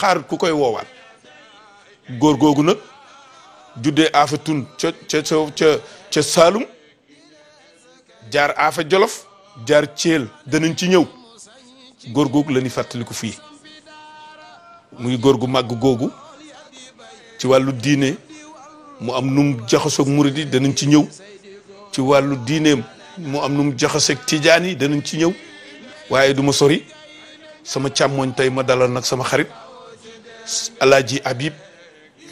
xaar ku koy woowaat góor googu nag juddee Afa Tun ca ca ca ca Saalum jaar Afa Jolof jaar Thiel danañ ci ñëw góor googu la fàttaliku fii muy góor gu màgg googu ci wàllu diine mu am num jaxasoog murid yi danañ ci ñëw ci wàllu diineem mu am num jaxasoog tijaan yi danañ ci ñëw waaye duma sori sama càmmooñ tey ma dalal nag sama xarit. alaaji Habib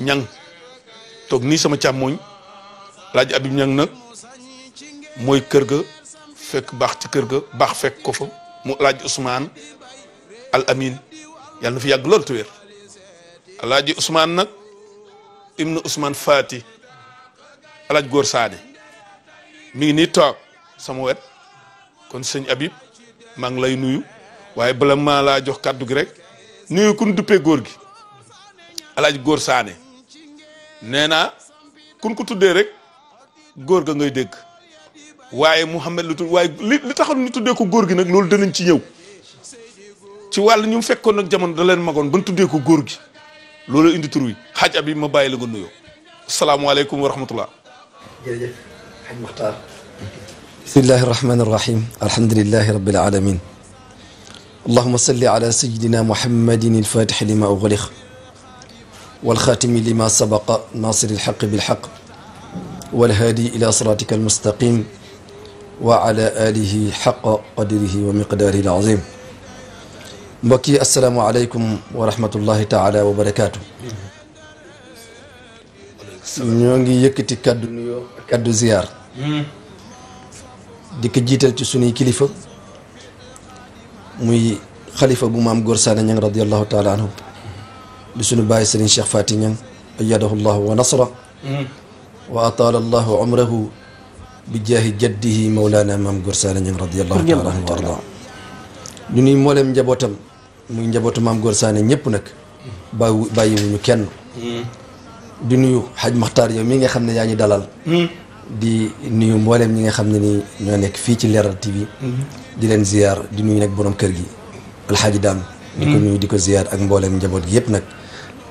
ñang toog nii sama càmmooñ alaaji Habib ñang nag mooy kër ga fekk baax ci kër ga baax fekk ko fa mu alaaji Ousmane al amin yàlla na fi yàgg lool te wér alaaji Ousmane nag ibnu Ousmane Fati alaaj góor saane mi ngi nii toog sama wet kon sëñ Habib maa ngi lay nuyu waaye bala maa laa jox kàddu gi rek nuyu kun duppee góor gi alaaj góor saane nee na kun ko tuddee rek góor ga ngay dégg waaye Mouhamed lu tudd waaye li li taxoon ñu tuddee ko góor gi nag loolu danañ ci ñëw ci wàllu ñu fekkoon nag jamono da leen magoon ban tuddee ko góor gi loolu indi tur wi xaaj ab yi ma bàyyi la nga nuyoo asalaamualeykum wa rahmatullah jërëjëf xaj Maxtaar bismillahi arrahmani arrahim alhamdulilahi rabbil alamin allahuma salli ala sayidina muhammadin alfatixi lima والخاتم لما سبق ناصر الحق بالحق والهادي إلى صراطك المستقيم وعلى آله حق قدره ومقداره العظيم mbokki asalaamualeykum wa rahmatullahi taala wa barakaatu ñoo ngi yëkkati kaddu nuyoo kaddu ziyaar di ko jiital ci sunuy kilifa muy xalifa bu maam góor saane ñang radiallahu taala anhu di suñu bàyyi sëriñ Cheikh Fati Ñang ayyadahu llahu wa nasra wa ataala allahu umrahu bi jaahi jaddihi mawlaana maam Gorsane Ñang radiallahu taala anhu wa arda ñu nuy mbooleem njabootam muy njabootu maam Gorsane ñëpp nag bàyyi bàyyiwuñu kenn di nuyu xaj maxtaar yow mi nga xam ne yaa ñu dalal di nuyu mbooleem ñi nga xam ne ni ñoo nekk fii ci Leral TV di leen ziyaar di nuyu nag borom kër gi alxaaji daam di ko nuyu di ko ziyaar ak mbooleem njaboot gi yëpp nag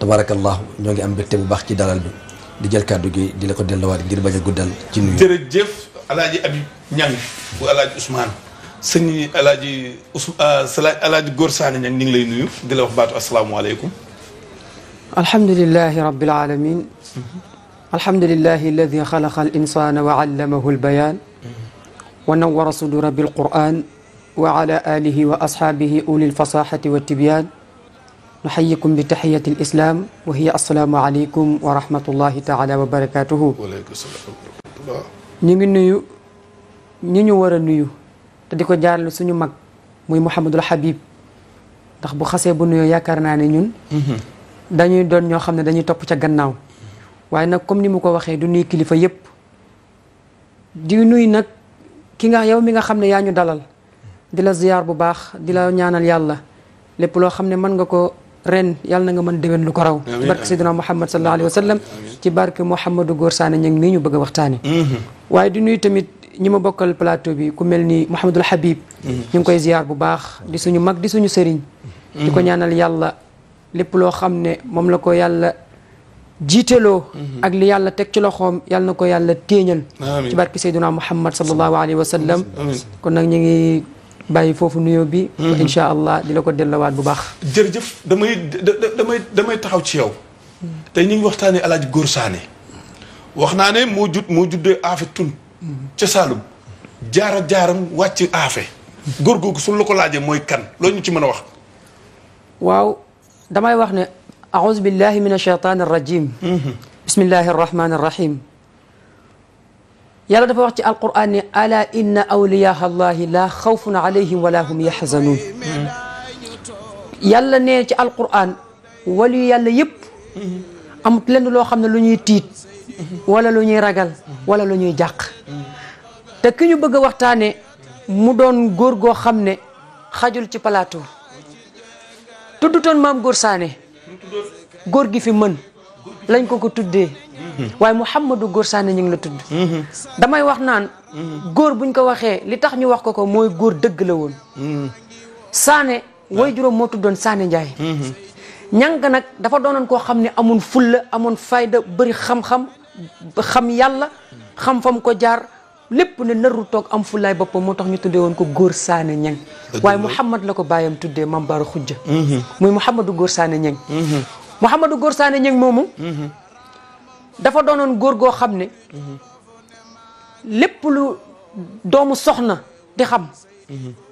tabarakallahu ñoo ngi am mbégte bu baax ci dalal bi di jël kàddu gi di la ko delluwaat ngir bañ a guddal ci nuyu jërëjëf alaaji Habib Niang bu alaaji Ousmane sëñ alaaji Ous ah, alaaji Góor Saane Niang ñu ngi lay nuyu di la wax baatu asalaamualeykum alhamdulilahi rabbil alamin alhamdulilahi alladi xalaqa al insana wa allamahu al bayan wa nawara sudura bilquran wa ala alihi wa ashabihi ulil fasahati wa tibyan nuxayikum bi taxiyati l islam wa hiya assalaamu aleykum wa rahmatullahi taala wa barakatuhu ñu ngi nuyu ñi ñu war a nuyu te di ko jaarale suñu mag muy Mouhamadul Habib ndax bu xasee bu nuyoo yaakaar naa ne ñun mhm. dañuy doon ñoo xam ne dañuy topp ca gannaaw waaye nag comme ni mu ko waxee du nuy kilifa yépp di nuyu nag ki nga yow mi nga xam ne yaa ñu dalal di la ziyaar bu baax di la ñaanal yàlla lépp loo xam ne mën nga ko ren yàlla na nga mën déwén lu ko raw ci barke Seydina Muhammad sallallahu alayhi wa sallam ci barke Mouhamadou Gor Sané ñu ngi nii ñu bëgg a waxtaane mhm. waaye di nuyu tamit ñi ma bokkal plateau bi ku mel ni Mouhamadul Habib mhm. ñu ngi koy ziar bu baax di suñu mag di suñu sëriñ di ko mhm. ñaanal yàlla lépp loo xam ne moom la ko yàlla jiiteloo ak li yàlla teg ci loxoom yàlla na ko yàlla téeñal ci barke Seydina Muhammad sallallahu alayhi wa sallam kon nag ñu bàyyi foofu nuyoo bi. Mhm. incha allah di la ko dellowaat bu baax. jërëjëf damay damay damay taxaw ci yow. Mhm. tey ñu ngi waxtaanee El Hadj Gor wax naa ne moo jut moo juddee aafe tun mhm. ca Saalum jaara jaaram wàcc aafe. góor googu suñ la ko laajee mooy kan loolu ñu ci mën a wax. waaw damay wax ne. auzu billahi min ashaytaani rajim. bismillahi rahmaani rahim. yàlla dafa wax ci alquran ne ala inna awliyaa allahi laa xawfun alayhim wala hum yaxzanuun hmm. yàlla ne ci alquran wali yàlla yëpp hmm. am lenn loo xam ne lu ñuy tiit hmm. wala lu ñuy ragal wala lu ñuy jàq te ki ñu bëgg a waxtaane mu doon góor goo xam ne xajul ci plateau tuddutoon maam góor saane góor gi fi mën lañ ko ko tuddee waaye Mouhamadou Góor Sané ñu ngi la tudd. damay wax naan. góor bu buñ ko waxee li tax ñu wax ko ko mooy góor dëgg la woon. Sané way juróom moo tuddoon Sané Ndiaye. ñang nag dafa doonoon koo xam ne amoon fulla amoon fayda bëri xam-xam xam yàlla xam fam ko jaar lépp ne naru toog am fullaay boppam moo tax ñu tuddee woon ko góor Sané ñang waaye Mouhamad la ko bàyyam tuddee Mame Bara Khoudia mhm. muy Mouhamadou Góor Sané ñang Mouhamadou mhm. Góor dafa doonoon góor goo xam ne lépp lu doomu soxna di xam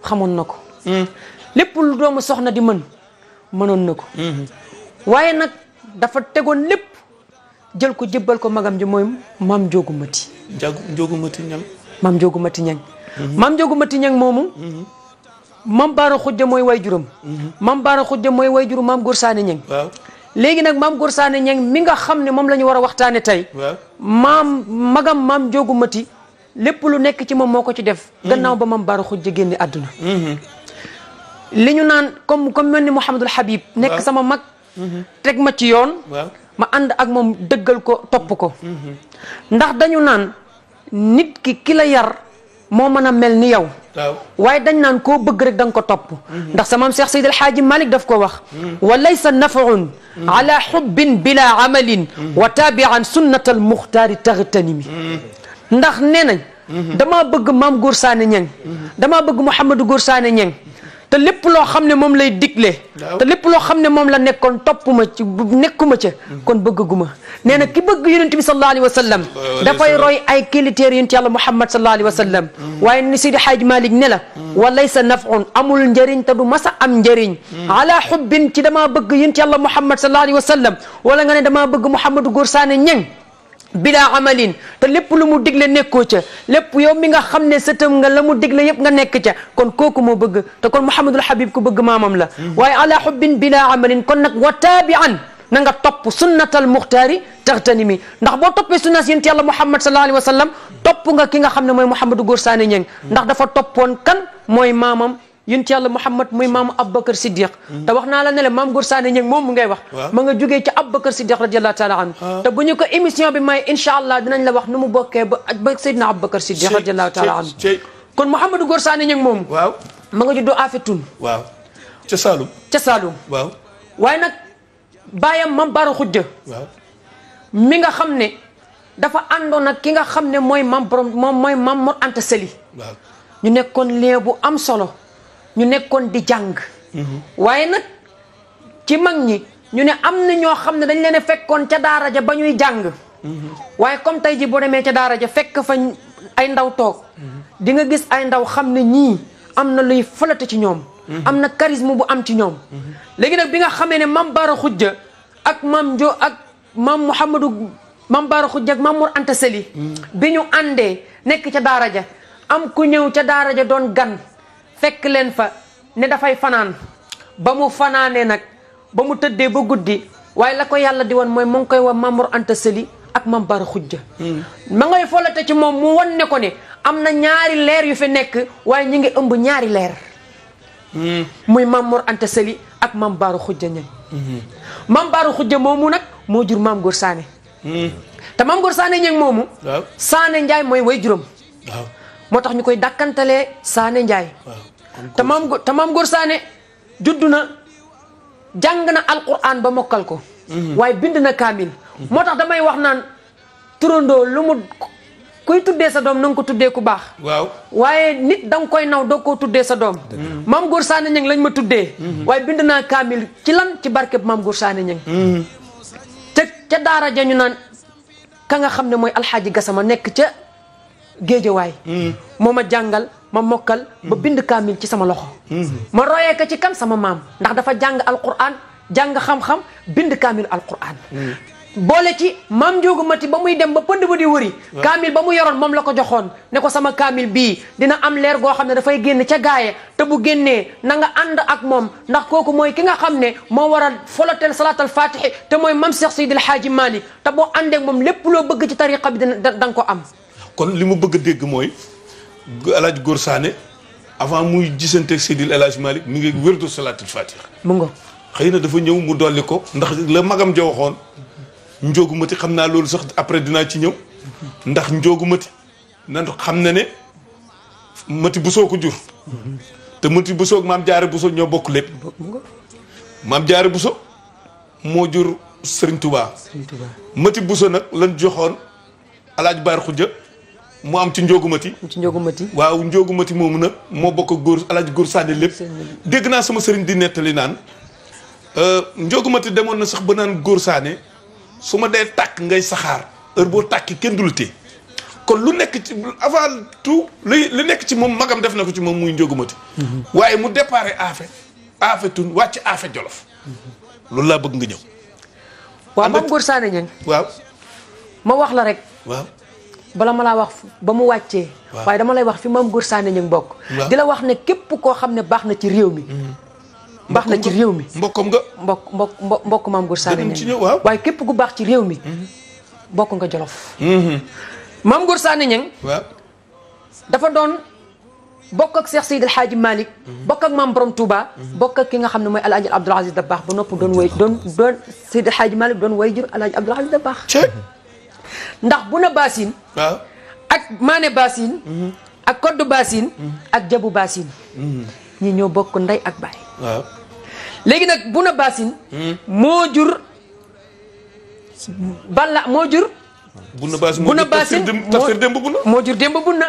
xamoon na ko mm-hmm. lépp lu doomu soxna di mën mënoon na ko mm-hmm. waaye nag dafa tegoon lépp jël ko jébbal ko magam ji mooy maam Njoogu Mati Njoogu Mati Ñang maam Njoogu Mati Ñang maam mm-hmm. Njoogu Mati Ñang moomu maam Baara Xujja mooy way juróom maam Baara Xujja mooy way juram maam Góor Saane Ñang léegi nag maam Gor Sané mi nga xam ne moom la ñu war a waxtaane tey maam magam maam Njoogu Mati lépp lu nekk ci moom moo ko ci def mm-hmm. gannaaw ba maam Baara Xujja génne àdduna mm-hmm. li ñu naan comme kom mel ni Mouhamadul Habib nekk sama mag mm-hmm. teg ma ci yoon ma ànd ak moom dëggal ko topp ko ndax dañu naan nit ki kilo yar moo mën a mel ni yow waaye dañ naan koo bëgg rek da ko topp ndax sa maam Cheikh Seydi El daf ko wax mm-hmm. wa laysa nafaun ala xubbin bila amalin mm-hmm. wa taabian sunnat al muxtaari taxtanimi mm-hmm. ndax nee nañ damaa bëgg maam Góor Saane Ñang damaa bëgg Mouhamadou Góor Saane Ñang te lépp loo xam ne moom lay digle te lépp loo xam ne moom la nekkoon topp ma ci nekkuma ca kon bëgguma nee na ki bëgg yonent bi sallallahu alayhi wa sallam dafay roy ay kiliteer yonent yàlla Muhammad sallallahu alayhi wa sallam mm. waaye ni Sidi Xaaj Malik ne la mm. wa laysa nafun amul njëriñ ta du mas a am njëriñ mm. ala xubbin ci damaa bëgg yonent yàlla Muhammad sallallahu alayhi wa sallam wala nga ne damaa bëgg Mouhamadou Gorsane Ñeng bila amalin te lépp lu mu digle nekkoo ca lépp yow mi nga xam ne sëtam nga la mu digle yëpp nga nekk ca kon kooku moo bëgg te kon la Habib ku bëgg maamam la hmm. waaye ala hubbin bila amalin kon nag wa taabian na nga topp sunnatal muxtaari taxtani mi ndax boo toppee sunnas yénti yàlla Muhammad sallallahu alayhi wa sallam topp nga ki nga xam ne mooy Mouhamadou Góor Saane Ñeng ndax dafa toppoon kan mooy maamam yéen ci yàlla Muhammad muy maamu Aboubacar Siddiq mm-hmm. te wax naa la ne ma maam Gour Sané ñëng moom mu ngay wax ma nga jógee ci Aboubacar Siddiq radiallahu taala anhu ah. te bu ñu ko émission bi may incha allah dinañ la wax nu mu bokkee ba ba Seydina Aboubacar Siddiq radiallahu taala anhu kon Muhammad Gour Sané ñëng moom waaw ma nga juddoo Afetun waaw ca Saalum ca Saalum waaw waaye nag bàyyam mam Baaru Xujja waaw mi nga xam ne dafa àndoon ak ki nga xam ne mooy mam borom moom mooy mam Mor Anta Sali ñu nekkoon lien bu am solo ñu nekkoon di jàng mhm. waaye nag ci mag ñi ñu ne am na ñoo xam ne dañ leen a fekkoon ca daara ja ba ñuy jàng mhm. waaye comme tey ji boo demee ca daara ja fekk fa ay ndaw toog mhm. di gis ay ndaw xam ne ñii am na luy falata ci ñoom am na charisme bu am ci ñoom léegi nag bi nga xamee ne mam baara xujja ak mam njo ak mam mouhamadou mam baara xujja ak mam mor bi ñu àndee nekk ca daara ja am ku ñëw ca daara ja doon gan fekk leen fa ne dafay fanaan ba mu fanaane nag ba mu tëddee ba guddi waaye la ko yàlla di woon mooy mu ngi koy wax Mamour Anta ak Mam Bara Xujja hmm. folate ci moom mu won ne ko ne am na ñaari leer yu fi nekk waaye ñu ngi ëmb ñaari leer hmm. muy Mamour Anta Sali ak Mam Bara Xujja hmm. moomu nag moo jur Maam Góor Saane te Maam Saane ñang moomu Saane Njaay mooy way juróom moo tax ñu koy dàkkantalee Saane Njaay te maam te maam Gor Sané judd na jàng na alquran ba mokkal ko. Mhm. waaye bind na kaamil. moo tax damay wax naan turandoo lu mu kuy tuddee sa doom na ko tuddee ku baax. waaw waaye nit danga koy naw doo koo tuddee sa doom. maam Gor Sané ñang lañ ma tuddee. Mhm. waaye bind naa kaamil ci lan ci barkeb maam Gor Sané ñang mhm. ca daara ja ñu naan ka nga xam ne mooy alxaaji gasama nekk ca géejawaay. moo ma jàngal. ma mokkal ba bind kaamil ci sama loxo mm-hmm. ma royee ko ci kan sama maam ndax dafa jàng alquran jàng xam-xam bind kaamil alquran mm-hmm. boole ci maam Njóogu Mati ba muy dem ba pënd ba di wëri kaamil ba mu yoroon moom la ko joxoon ne ko sama kaamil bii dina am leer goo xam ne dafay génn ca gaaye te bu génnee na nga ànd ak moom ndax kooku mooy ki nga xam ne moo war a foloteel salaatal faatihi te mooy mam Cheikh Seydil Haaji Maalik te boo àndee moom lépp loo bëgg ci tariqa bi dina da nga ko am kon li mu bëgg dégg mooy El góor Gor Sané avant muy gisanteeg Seydil El Hadj Malick mi ngi wérdu salaatul fatiha mu xëy na dafa ñëw mu dolli ko ndax la magam ja waxoon mati xam naa loolu sax après dinaa ci ñëw ndax njoogu mati nan xam na ne mati bu soo ko jur te mati bu soog maam jaare bu so ñoo bokk lépp maam jaare bu so moo jur Serigne Touba Serigne mati bu so nag lan joxoon alaaj baar xujja mu am ci njóogumati ci njóogumati waaw njóogumati moomu nag moo bokk góor alaaj góor sànni lépp dégg naa sama sëriñ di nettali naan euh, njóogumati demoon na sax ba naan góor saane su ma dee tàkk ngay saxaar heure boo tàkki kenn du la kon lu nekk ci avant tout li li nekk ci moom magam def na ko ci moom muy njóogumati mhm. waaye mu déparé aafe aafe tun wàcc aafe jolof mhm. loolu laa bëgg nga ñëw waaw maam góor ma wax la rek waaw bala ma laa wax ba mu wàccee waaye dama lay wax fi maam góor saane ñu bokk di la wax ne képp koo xam ne baax na ci réew mi mm-hmm. baax na ci réew mi mbokkam nga mbokk mbokk mbokk maam góor saane ñu waaye képp ku baax ci réew mi mm-hmm. bokk nga jolof mm-hmm. maam góor saane ñang dafa doon bokk ak Cheikh Seydil Hadji Malick bokk ak maam borom Touba bokk ak ki nga xam ne mooy alaaji Abdoul Aziz Dabakh ba nopp doon way doon doon Seydil Hadji Malick doon way jur alaaji Abdoul Aziz Dabakh ndax Bouna Bassine ak maane Bassine mhm. ak Koddu Bassine mhm. ak Jabu Bassine mhm. ñi ñoo bokk ndey ak baay waaw léegi nag Bouna Bassine moo jur Balla moo jur Bouna Bassine Bouna Bassine tafsir démb Bouna moo jur démb Bouna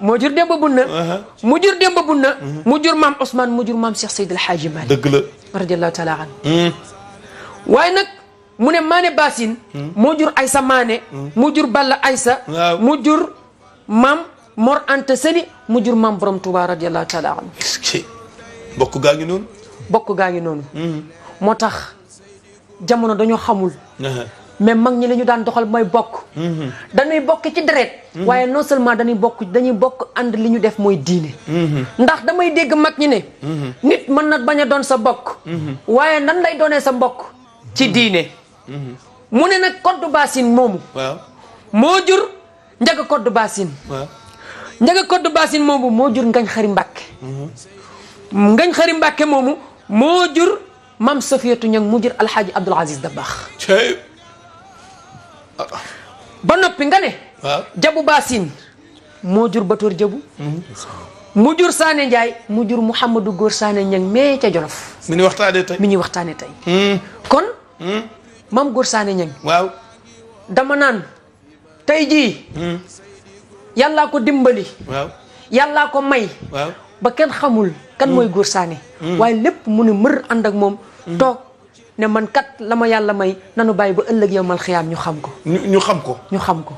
moo jur démb Bouna uh-huh. mu jur mu jur maam Ousmane mu jur maam Cheikh Seydil Hadji Malick dëgg la radiallahu taala anhu mu ne maane baasin hmm. moo jur aysa maane hmm. mu jur balla aysa mu jur maam mor anta seli mu jur maam borom touba radiallahu taala anhu bokk gaa ngi noonu bokk gaa ngi noonu hmm. moo tax jamono dañoo xamul mais mag ñi li daan doxal mooy bokk dañuy bokk ci deret waaye non seulement dañuy bokk dañuy bokk ànd li ñu def mooy diine ndax damay dégg mag ñi ne nit mën na bañ a doon sa bokk waaye nan lay doonee sa mbokk ci diine Mm-hmm. mu ne nag code basin moomu. moo jur njaga code basin. waaw njaga code basin moomu moo jur ngañ xari mbàkke. ngañ xari mbàkke moomu moo jur maam Sofiyatu Ñang mu jur alxaaji Abdul Aziz Dabaax. ba noppi nga ne. jabu basin moo jur batoor jabu. Mm-hmm. mu jur Saane Ndiaye mu jur mu Mouhamadou Góor Saane Ñang mee ca Jolof. mi ñuy waxtaanee tey mi ñuy waxtaanee tey. Mm. kon. Mm. maam Góor Saane Ñaŋ waaw dama naan tey jii hmm. yàllaa ko dimbali waaw yàllaa ko may ba kenn xamul kan mooy hmm. Góor Saane hmm. waaye lépp mu ne mër ànd ak moom toog ne man kat la ma yàlla may nanu bàyyi ba ëllëg yow mal xiyaam ñu xam ko ñu xam ko ñu xam ko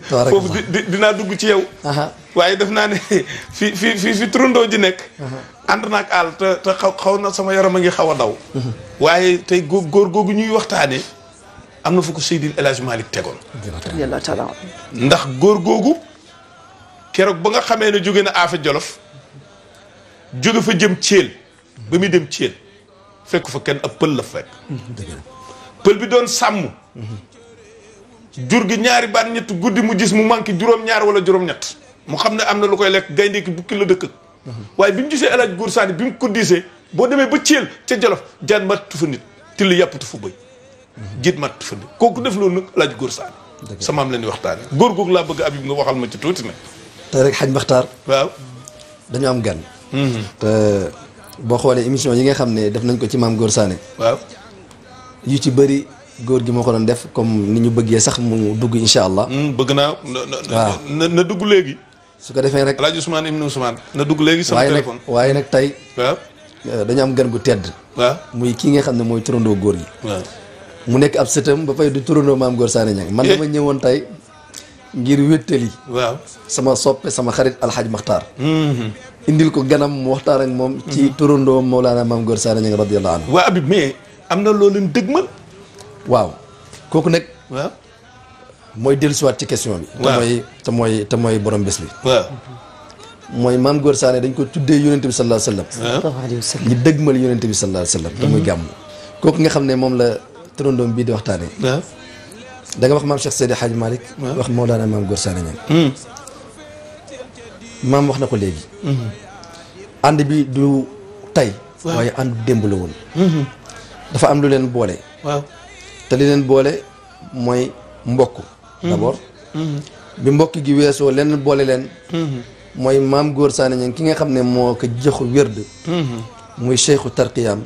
foofu dinaa dugg ci yow. waaye def naa ne fi fi fi fi turandoo ji nekk. ànd naag àll te xaw xaw na sama yaram a ngi xaw a daw. Mhm. waaye tey góor góor googu ñuy waxtaanee am na fu ko Seydil li Hadj Malick tegoon. ndax góor googu keroog ba nga xamee ne jóge na Afe Jolof jóge fa jëm Thiel ba muy dem Thiel fekk fa kenn ab pël la fekk. Mhm. pël bi doon sàmm. Mhm. jur gi ñaari baat ñett guddi mu gis mu manqué juróom-ñaar wala juróom-ñett mu xam ne am na lu koy lekk gaynde ki bukki la dëkk waaye bi mu gisee El Hadj Góor Saani bi mu ko diisee boo demee ba Thiel ca Jolof jaan mattu fa nit till yàppatu fa bëy jiit mattu fa kooku def loolu nag El Hadj Góor Saani sama la ñuy waxtaane góor googu laa bëgg Habib nga waxal ma ci tuuti nag tey rek xaj Maxtaar waaw dañu am gan hmm. te boo xoolee émission yi nga xam ne def nañ ko ci maam Góor Saani yu ci bari góor gi moo ko doon def comme ni ñu bëggee sax mu dugg incha allah. Hmm, bëgg naa na na dugg léegi. su ko defee rek El Hadj Ousmane Ibn Ousmane na dugg léegi sama téléphone waaye nag waaye nag tey. Euh, dañu am gan gu tedd. muy kii nga xam ne mooy turandoo góor gi. mu nekk ab sëtam ba fay du turandoo maam góor Sané Niang man eh. dama ñëwoon tey ngir wéttali. waaw sama soppe sama xarit Alxaaj Maxtaar. Hmm. indil ko ganam mu waxtaan moom. ci hmm. turandoo Mawlana maam góor Sané Niang radiyallahu waaw kooku nag. waaw mooy dellusiwaat ci question bi. waaw te mooy te mooy borom bés bi. mooy maam Góor Saane dañ ko tuddee yonent bi sallallahu alayhi wa sallam. ñu dëgmal yonent bi sallallahu alayhi wa sallam. te muy mhm. gàmm kooku nga xam ne moom la trondoom bii di waxtaanee. waaw wax maam Cheikh Seydi Hadj Malick. wax Mawlaana maam Góor Saane hmm. maam wax na ko léegi. Hmm. ànd bi du tay waaye ànd démb la woon. Hmm. dafa am lu leen boole. te li leen boole mooy mbokk hmm. d'abord hmm. bi mbokk gi weesoo leen boole leen hmm. mooy maam góor saane ñang ki nga xam ne moo ko jox wérd muy cheikhu tarqiyaam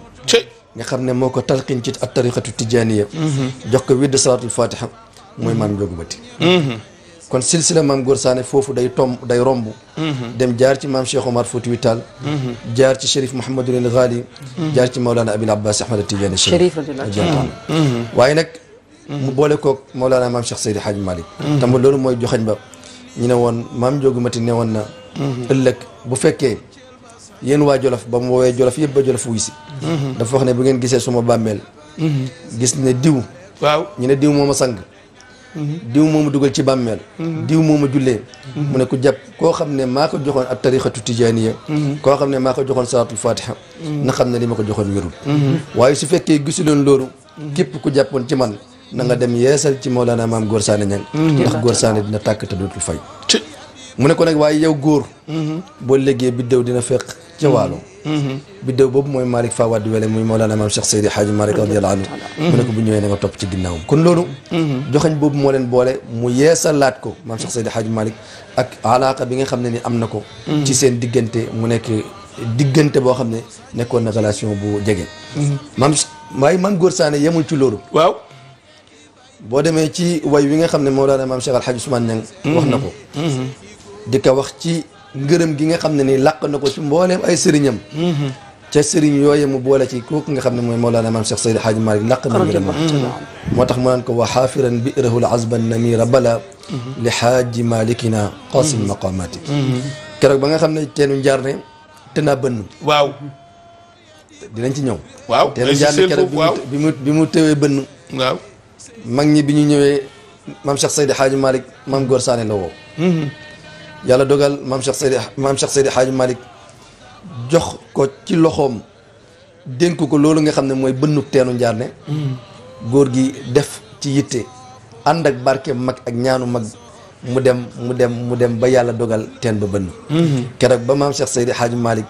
nga xam ne moo ko talqin ci at tariqatu tijaaniya jox ko wérd salaatul fatiha mooy maam njogu kon silsila maam Góor Saane foofu day tomb day romb mhm. dem jaar ci maam Cheikh Omar Foutiyu Tall mhm. jaar ci Chérif Mouhamadul Ghali mhm. jaar ci Mawlana Abil Abbas Ahmad Tidiane Chérif waaye nag mu boole koog Mawlana maam Cheikh Seydi Hadj Malick tamit loolu mooy joxañ ba ñu ne maam Njoogu Mati ne woon na bu fekkee yéen waa Jolof ba mu woowee Jolof yëpp ba Jolof wuy si ne bu ngeen gisee suma bàmmeel gis ne diw waaw diw mooma diw mooma dugal ci bàmmeel mhm. diw a jullee mhm. mu ne ku jàpp koo xam ne maa ko joxoon ab tarixatu tijaaniya mhm. koo xam ne maa ko joxoon salaatul fatiha na xam ne li ma ko joxoon wérul waaye su fekkee gisuloon loolu képp ku jàppoon ci man na nga dem yeesal ci Mawlana maam Góor Saane Ñang ndax Góor Saane dina tàkk te dootul fay mu ne ko nag waaye yow góor mhm. boo léggee biddew dina fekk ca mhm. waalo mhm. biddew boobu mooy Malick Fawad Wele muy Mawlana Maam Cheikh Seydi Hadji Malick radiyallahu anhu mu ne ko bu ñëwee na nga topp ci ginnaawam kon loolu joxañ boobu moo leen boole mu yeesalaat ko Maam Cheikh Seydi Hadji Malick ak alaaka bi nga xam ne ni am na ko ci seen diggante mu nekk diggante boo xam ne nekkoon na relation bu jege maam waaye maam góor saane yemul ci loolu waaw boo demee ci way wi nga xam ne Mawlana Maam Cheikh Alhaji Ousmane Niang wax na ko di ko wax ci ngërëm gi nga xam ne ni laq na ko ci mbooleem ay sëriñam mm-hmm. ca sëriñ yooyu mu boole ci kooku nga xam ne mooy Mawlana Maam Cheikh Seydi Hadji Malick làq na ngërëm moo tax mu naan ko wa xaafiran bi rahul azban namira bala mm-hmm. li xaaji malikina qasim maqamati mm-hmm. keroog ba nga xam ne teenu njaar ne te naa bënn waaw dinañ ci ñëw waaw teenu njaar ne keroog bi mu bi mu tëwee bënn waaw mag ñi bi ñu ñëwee Maam Cheikh Seydi Hadji Malick Maam Góor Saane la yàlla dogal maam Cheikh Seydi maam Cheikh Seydi Hadji Malick jox ko ci loxoom dénk ko loolu nga xam ne mooy bënnu teenu njaarne mm. góor gi def ci yitte ànd ak barke mag ak ñaanu mag mu dem mu dem mu dem ba yàlla dogal teen ba bënn mm-hmm. keroog ba maam Cheikh Seydi Hadji Malick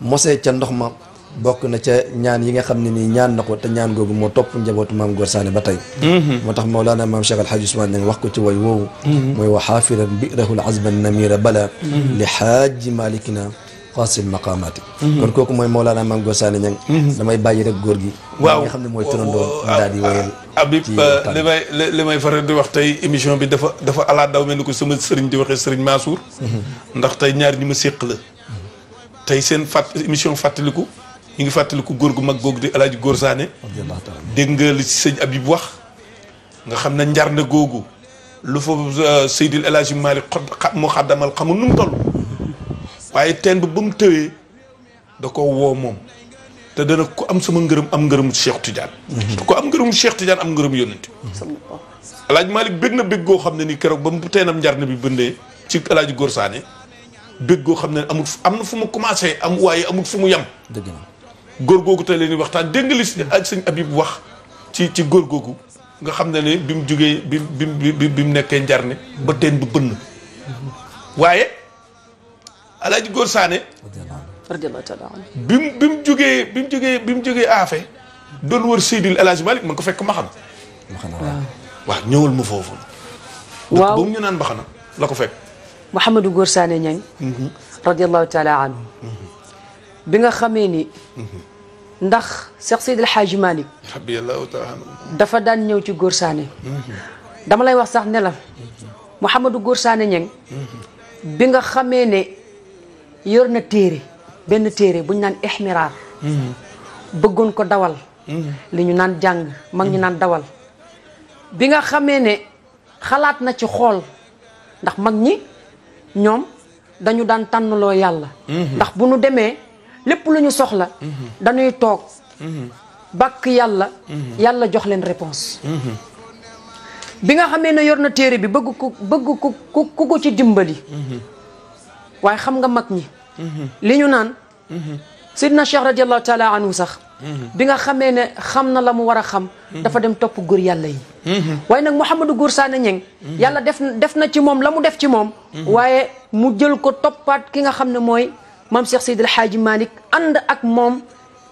mosee ca ndox ma bokk na ca ñaan yi nga xam ne nii ñaan na ko te ñaan googu moo topp njabootu maam Gor Sané ba tey mhm. moo tax Mawlaana maam Cheikh Alhaji Ousmane Niang wax ko ci way woowu mhm. mooy wa xaafiran birahul azman namira bala mhm. li xaaji malikina xaasil maqaamaati kon kooku mooy Mawlaana maam Gor Sané Niang damay bàyyi rek góor gi waaw nga xam ne mooy turandoo daal di wéyal Habib euh, li may li may faral di wax tey émission bi dafa dafa alaa daw mel ko sama sëriñ di waxee sëriñ Mansour ndax tey ñaar ñi ma séq la tey seen fàtt émission ko ñu ngi fàttaliku góor gu mag googu di El Hadj Góor Sané. dégg nga li ci sëñ Abib wax. nga xam ne njar googu lu fa euh, Seydil El Hadj Malick xod mu xaddamal xamul nu mu toll. waaye teen ba ba mu tëwee da ko woo moom. te dana ku am sama ngërëm am ngërëmu Cheikh Tidiane. Mhm. ku am ngërëmu Cheikh Tidiane am ngërëmu yónnante. El Hadj Malick bëgg na bëgg goo xam ne ni keroog ba mu teenam njar na bi bëndee ci El Góor saane bëgg goo xam ne amul am na fu mu commencé am waaye amul fu mu yem. góor googu te leen di waxtaan dégg nga li ak sëñ Habib wax ci ci góor googu nga xam ne ne bi mu jugee bi bi mu nekkee njarne ba teen bu bënn waaye góor saane bi mu bi mu jugee bi mu jugee bi mu jugee aafe doon wër Seydil El Hadj Malick man ko fekk maxam waaw ñëwal ma foofu waaw boobu ñu naan mbaxana la ko fekk Mouhamadou Góor Saane Ñaŋ mhm. radiallahu taala anhu mhm. bi nga xamee ni ndax Cheikh Seydi El Hadji dafa daan ñëw ci góor saane dama lay wax sax ne la Mouhamadou góor saane ñeng bi nga xamee ne yor na téere benn téere bu ñu naan ihmiraar bëggoon ko dawal li ñu naan jàng mag ñu naan dawal bi nga xamee ne xalaat na ci xool ndax mag ñi ñoom dañu daan tànnloo yàlla ndax bu nu demee lépp lu ñu soxla mhm. dañuy toog mhm. bakk yàlla mhm. yàlla jox leen réponse bi nga xamee ne yor na téere bi bëgg ku bëgg ku ku ci dimbali waaye xam nga mag ñi li ñu naan sidna cheikh radiallahu taala anhu sax bi nga xamee ne xam na la mu war a xam dafa dem topp góor yàlla yi waaye nag Mouhamadou Góor Saane Ñeng yàlla def def na ci moom la mu def ci moom waaye mu jël ko toppaat ki nga xam ne mooy maam Cheikh Seydi El Hadji Malick ànd ak moom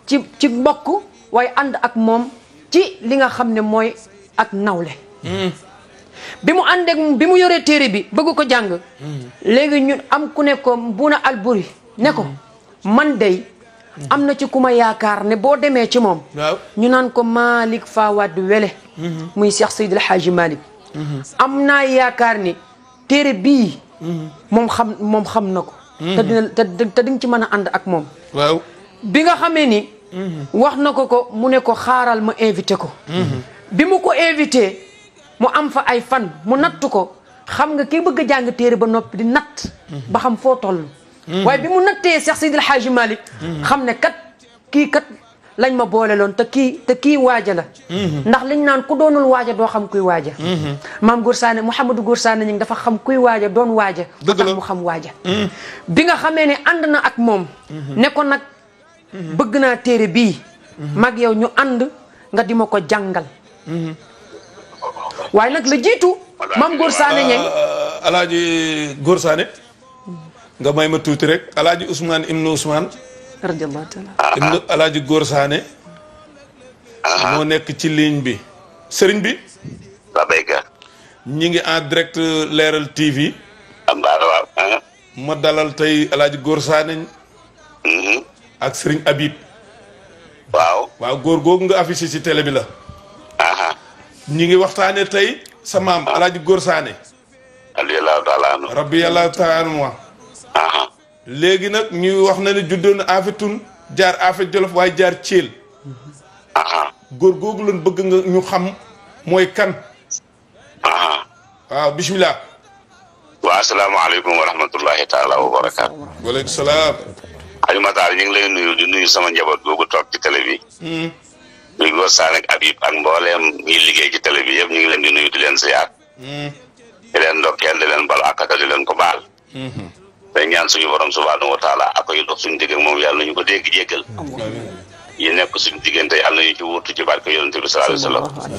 ci ci mbokk waaye ànd ak moom ci li nga xam ne mooy ak nawle hmm. bi mu ànd bi mu yoree téere bi bëgg ko jàng hmm. léegi ñun am ku ne ko Buuna Alburi ne ko hmm. man dey am na ci ku ma yaakaar ne boo demee ci moom ñu naan ko Malick Fawad Wele muy Cheikh Seydi El Hadji Malick am naa yaakaar ni téere bi moom moom xam na ko te dina te te ci mën a ànd ak moom. waaw bi nga xamee ni. Mhm. wax na ko ko mu ne ko xaaral ma invité ko. Mhm. bi mu ko invité mu am fa ay fan mu natt ko xam nga ki bëgg jàng téere ba noppi di natt. Mhm. ba xam foo toll. waaye bi mu nattee Cheikh Seydil Hadji Malick. xam ne kat kii kat lañ ma boole loon te kii te kii waaja la mhm. ndax liñ naan ku doonul waaja doo xam kuy waaja mhm. maam Góor Saane Mouhamadou Góor Saane ñi ngi dafa xam kuy waaja doon waaja ba tax mu xam waaja mhm. bi nga xamee ne ànd na ak moom ne ko nag bëgg naa téere bii mag yow ñu ànd nga di ma ko jàngal waaye nag la jiitu maam Góor Saane ñeng ah, alaaji nga may ma tuuti rek alaaji Ousmane Ibnu Ousmane radiyallahu taala. ibnu alaaji góor saane. moo nekk ci ligne bi. sëriñ bi. babayka. ñi ngi en direct leeral TV. waaw. ma dalal tey alaaji góor saane. Mhm. ak sëriñ Habib. waaw. waaw góor googu nga affiché ci télé bi la. ñi ngi waxtaane tey sa maam ah. alaaji góor saane. rabbi yàlla taala léegi nag ñu wax na ne juddoo na Afetun jaar Afet Jolof waaye jaar Thiel. Ah, ah. góor googu lan bëgg nga ñu xam mooy kan. Ah, waaw bisimilah. waaw asalaamaaleykum wa rahmatullahi taala wa barakaatu. waaleykum salaam. Aliou Matar ñu ngi lay nuyu di nuyu sama njaboot googu toog ci tele bi. ñu hmm. ngi ak Habib ak mbooleem liggéey ci télé bi yëpp ñu ngi leen di nuyu di leen ziar. Hmm. di leen ndokkeel di leen balu ak di leen ko baal. Hmm. day ñaan suñu borom subhanahu wa taala ak yu dox suñu digg moom yàlla nañu ko dégg jéggal yi nekk suñu diggante yàlla yi ci wóotu ci barke yonente bi sallallahu alayhi wa sallam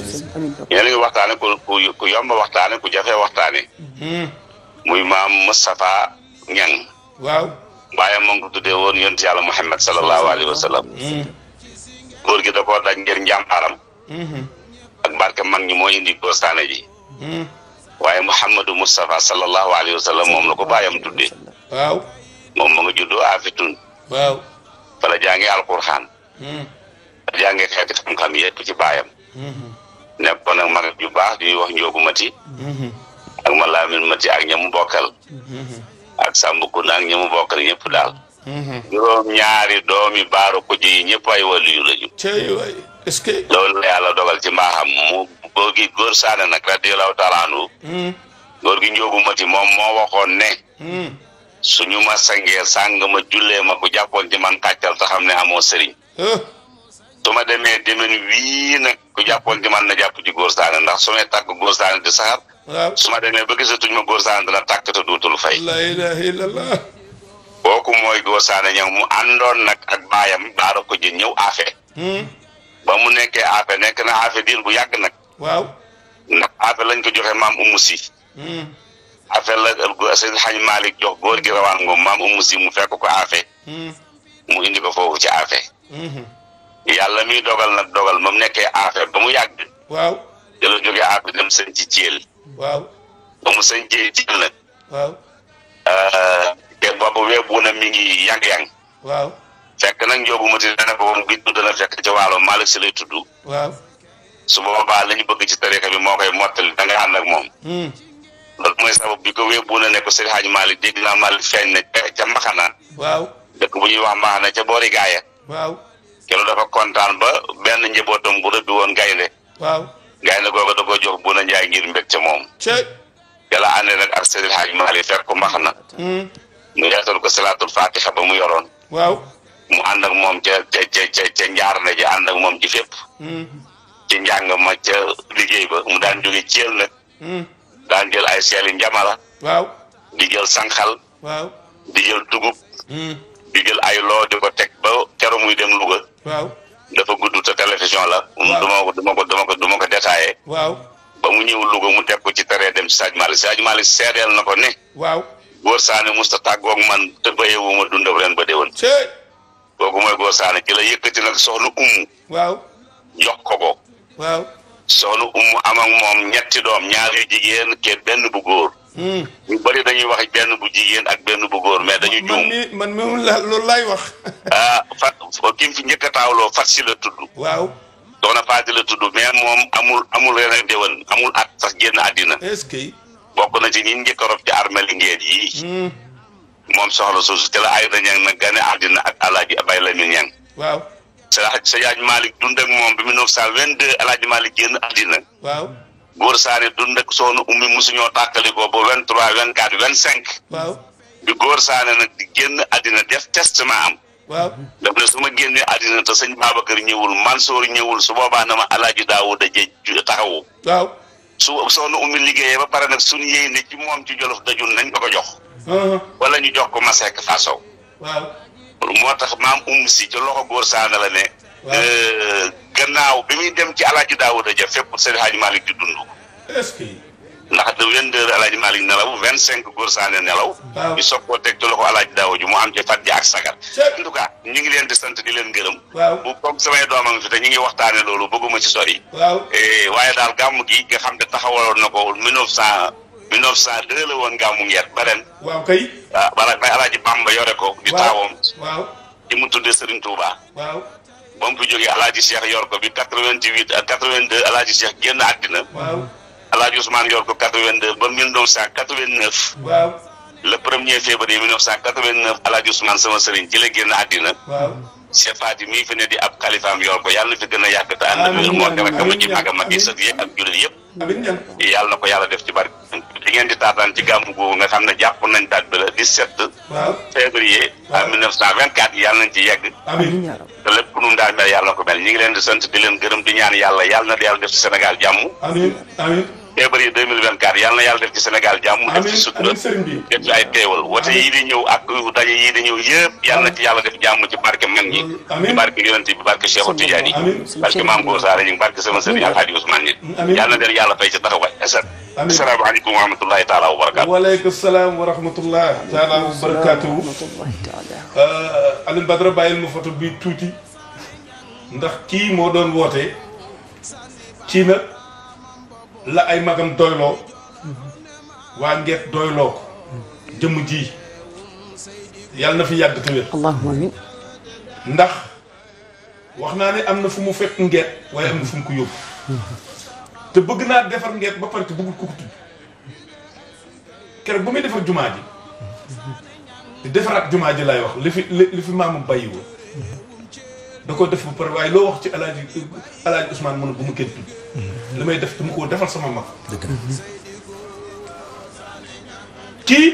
ñu ngi waxtaane ku ku yomb waxtaane ku jafe waxtaane hmm. muy maam Moustapha Niang waaw ko tuddee woon yonent yàlla Muhammad sallallahu alayhi wa sallam hmm. góor gi da koo daj ngir njàmbaaram hmm. ak barke mag ñi moo indi dostaane ji waaye Muhammadu Moustapha sallallahu alayhi wa sallam moom la ko bàyyam tuddee waaw moom mu ngi juddoo Afitun. waaw fa la jàngee alquraan. Hmm. la jàngee xeeti xam-xam yépp ci baayam. Hmm. nekkoon ak mag ju baax di wax Njoogu Mati. Hmm. ak ma Laamin Mati ak ñamu bokkal. ak Samb Kun ak ñamu bokkal ñëpp daal. juróom ñaari doomi baaru ko ji ñëpp ay waliyu lañu. est-ce dogal ci mbaaxam mu góor gi góor saane nag radiyallaahu gi Njoogu Mati moom moo waxoon suñu ma sangee sàng ma jullee ma ku jàppoon ci man tàccal te xam ne amoo sëriñ su ma demee demen wii nag ku jàppoon ci man na jàpp ci góor saane ndax su may tàkk góor saane su ma demee ba gisatuñ ma góor saane dana tàkk te duutul fay la ilaha illallah saane ñëw mu àndoon nag ak baayam baara ko ñëw afe hmm? ba mu nekkee afe nekk na afe diir bu yàgg nag waaw ndax afe lañ ko joxe maam umu hmm? affaire la Seydi Hadj Malick jox góor gi rawaan umu si mu fekk ko aafe hmm. mu indi ko foofu ci aafe hmm. yàlla miy dogal nag dogal moom nekkee aafe ba mu yàgg waaw da la jógee aafe dem ci Thiel waaw ba mu sëñ ci Thiel nag waaw euh, te boobu weebu na mi ngi yang-yang waaw fekk nag njóobu mati dana ko woon gidu dana fekk ca waalo Malick si lay tudd waaw su boobaa la ñu bëgg ci tarixa bi moo koy mottali da ngay ànd ak moom hmm. loolu mooy sabab bi ne ko Sëriñ Hadj Malick dégg naa Malick feeñ na ca Mbaxana. waaw dëkk bu ñuy wax Mbaxana ca boori gaaya kontaan ba benn njabootam bu rëbbi woon gaynde waaw gaynde googu da ko jox Bouna Ndiaye ngir mbég ca moom. yàlla ànd nag ak Sëriñ Hadj Malick fekk ko Mbaxana. Hmm. mu yaatal ko salaatul ba mu yoroon. waaw mu ànd ak moom ca ca njaar na ji ànd ak moom ci fépp. Hmm. ci njàng ma ca liggéey ba mu daan jóge Thiel nag. Hmm. daan jël ay seeli njamara. waaw di jël sànqal. waaw di jël dugub. Hmm. di jël ay loo di ko teg ba keroo muy dem Louga. dafa gudd ta télévision la. waaw duma ko du ko du ba mu ñëw Louga mu teg ko ci teree dem si Sadji Malick Sadji Malick seedeel na ko ne. waaw góor saani musta tàggoog man te béyee ma dundam ren ba déwén. kooku mooy góor saani ki la yëkkati nag soxna ummu am ak moom ñetti doom ñaari jigéen ke benn bu góor. Hmm. ñu bëri dañuy wax benn bu jigéen ak benn bu góor mais dañu juum. man mi man la wax. ah Fat ki fi njëkk a taawloo Fat si la tudd. waaw. soxna Faati la tudd mais moom amul amul ren ak déwén amul at sax génn àddina. est que. bokk na ci ñi njëkk a rob ci armée Linguère yi. Hmm. moom soxla soosu te la ay dañu nag gane àddina ak alaaji Abay Lamin Ñaŋ. Seydi Hadji Malick dund ak moom bi 1922 El Hadji Malick génn àddina. waaw Góor Saane dund ak soxna Ummi mosuñoo tàkkalikoo ba 23 24 25. waaw bi Góor Saane nag di génn àddina def testament am. waaw daf ne su ma génnee àddina te sëñ kër ñëwul man Mansour ñëwul su boobaa na ma El Hadji Daouda Dieng taxawu. waaw su soxna Ummi liggéeyee ba pare nag suñu yéene ci moom ci Jolof dajul nañ ko ko jox. Uh-huh. wala ñu jox ko ma Masek Fasow. waaw. moo tax maam um si ca loxo góor saana la ne euh, gannaaw bi muy dem ci alaaji daawuda ja fépp sëriñ Haaji Malick di dund ndax de vingt-deux alaaji Malick nelaw vingt cinq góor saane nelaw ñu soog koo teg ci loxo alaaji daawu ji mu am ci fàtte ak sagar en tout ñu ngi leen di sant di leen gërëm bu comme samay doomam fi te ñu ngi waxtaane loolu bëgguma ci sori eh, waaye daal gàmm gi nga xam ne taxawaloon na ko mille saa saa 1902 la woon gàmmu Ngeer ba ren. waaw kay. ah balaa bay Alaaji yore ko. di taawam. waaw di mu tuddee Serigne Touba. waaw ba mu fi jógee Alaaji Cheikh yor ko bi 88 ak 82 Alaaji Cheikh génn àddina. waaw Alaaji Ousmane yor ko 82 ba 1989. waaw le premier février 1989 Alaaji Ousmane sama sëriñ ci la génn àddina. Cheikh Fadi mii fi ne di ab xalifaam yor ko yàlla na fi gën a yàgg te ànd ak wér moo gën a kama ci mag a mag yi sët yi ak jullit yëpp yàlla na ko yàlla def ci barke li ngeen di taataan ci gàmmu googu nga xam ne jàpp nañ date bi la 17 février à 1924 yàlla nañ ci yegg te lépp ku nu daan mel yàlla na ko mel ñi ngi leen di sant di leen gërëm di ñaan yàlla yàlla na yàlla def ci Sénégal jàmm février deux mille vingt quatre yàlla na yàlla def ci Sénégal jàmm def ci sutura def ci ay teewal wote yi ñëw ak daje yi di ñëw yëpp yàlla na ci yàlla def jàmm ci barke mag ñi ci barke yonent bi barke Cheikhu Tidiane yi barke Maam Góor Saare ñi barke sama sëriñ Alhaaji Ousmane ñi yàlla na leen yàlla fay ci taxawaay asal asalaamaaleykum wa rahmatullahi taala wa barakaatu waaleykum salaam wa rahmatullah taala wa barakaatu euh, Alioune Badara bàyyil ma photo bi tuuti ndax kii moo doon woote kii la ay magam doyloo waa ngeet doyloo ko jëmm ji yàlla na fi yàgg te ndax wax naa ni am na fu mu fekk ngeet waaye am na fu ko yóbbu te bëgg naa defar ngeet ba pare te bëggul ko ko tudd keroog bu muy defar jumaa ji di defaraat jumaa ji laay wax li fi li fi maamu bàyyi woon da ko def ba pare waaye loo wax ci alaaji alaaji Ousmane mën bu mu kenn tudd li may def dama ko defal sama mag. dëgg kii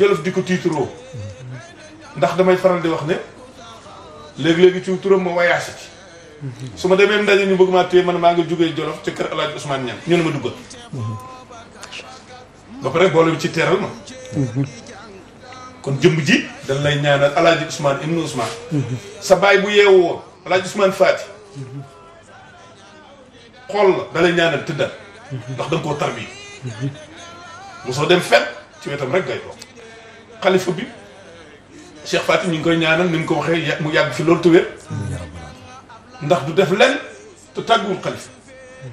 jolof di ko tiituroo ndax damay faral di wax ne léeg léegi ci turam ma wayaasi ci su ma demee ndaje ñu bëgg maa téye man maa ngi jógee jolof ci kër El Hadj Ousmane Niang ñu ma duggal ba pare boole bi ci teeral ma kon jëmb ji dañ lay ñaanal El Hadj Ousmane ibnu Ousmane sa baay bu yeewu woon El Hadj Ousmane Fati xool la da lay ñaanal tëddal mhm. ndax da nga koo tarbi mhm. mosoo dem fen ci wetam rek ngay toog xalifa bi Cheikh Fatim ñu ngi koy ñaanal ni mu ko waxee mu yàgg fi loolu te ndax du def lenn te tàgguwul xalifa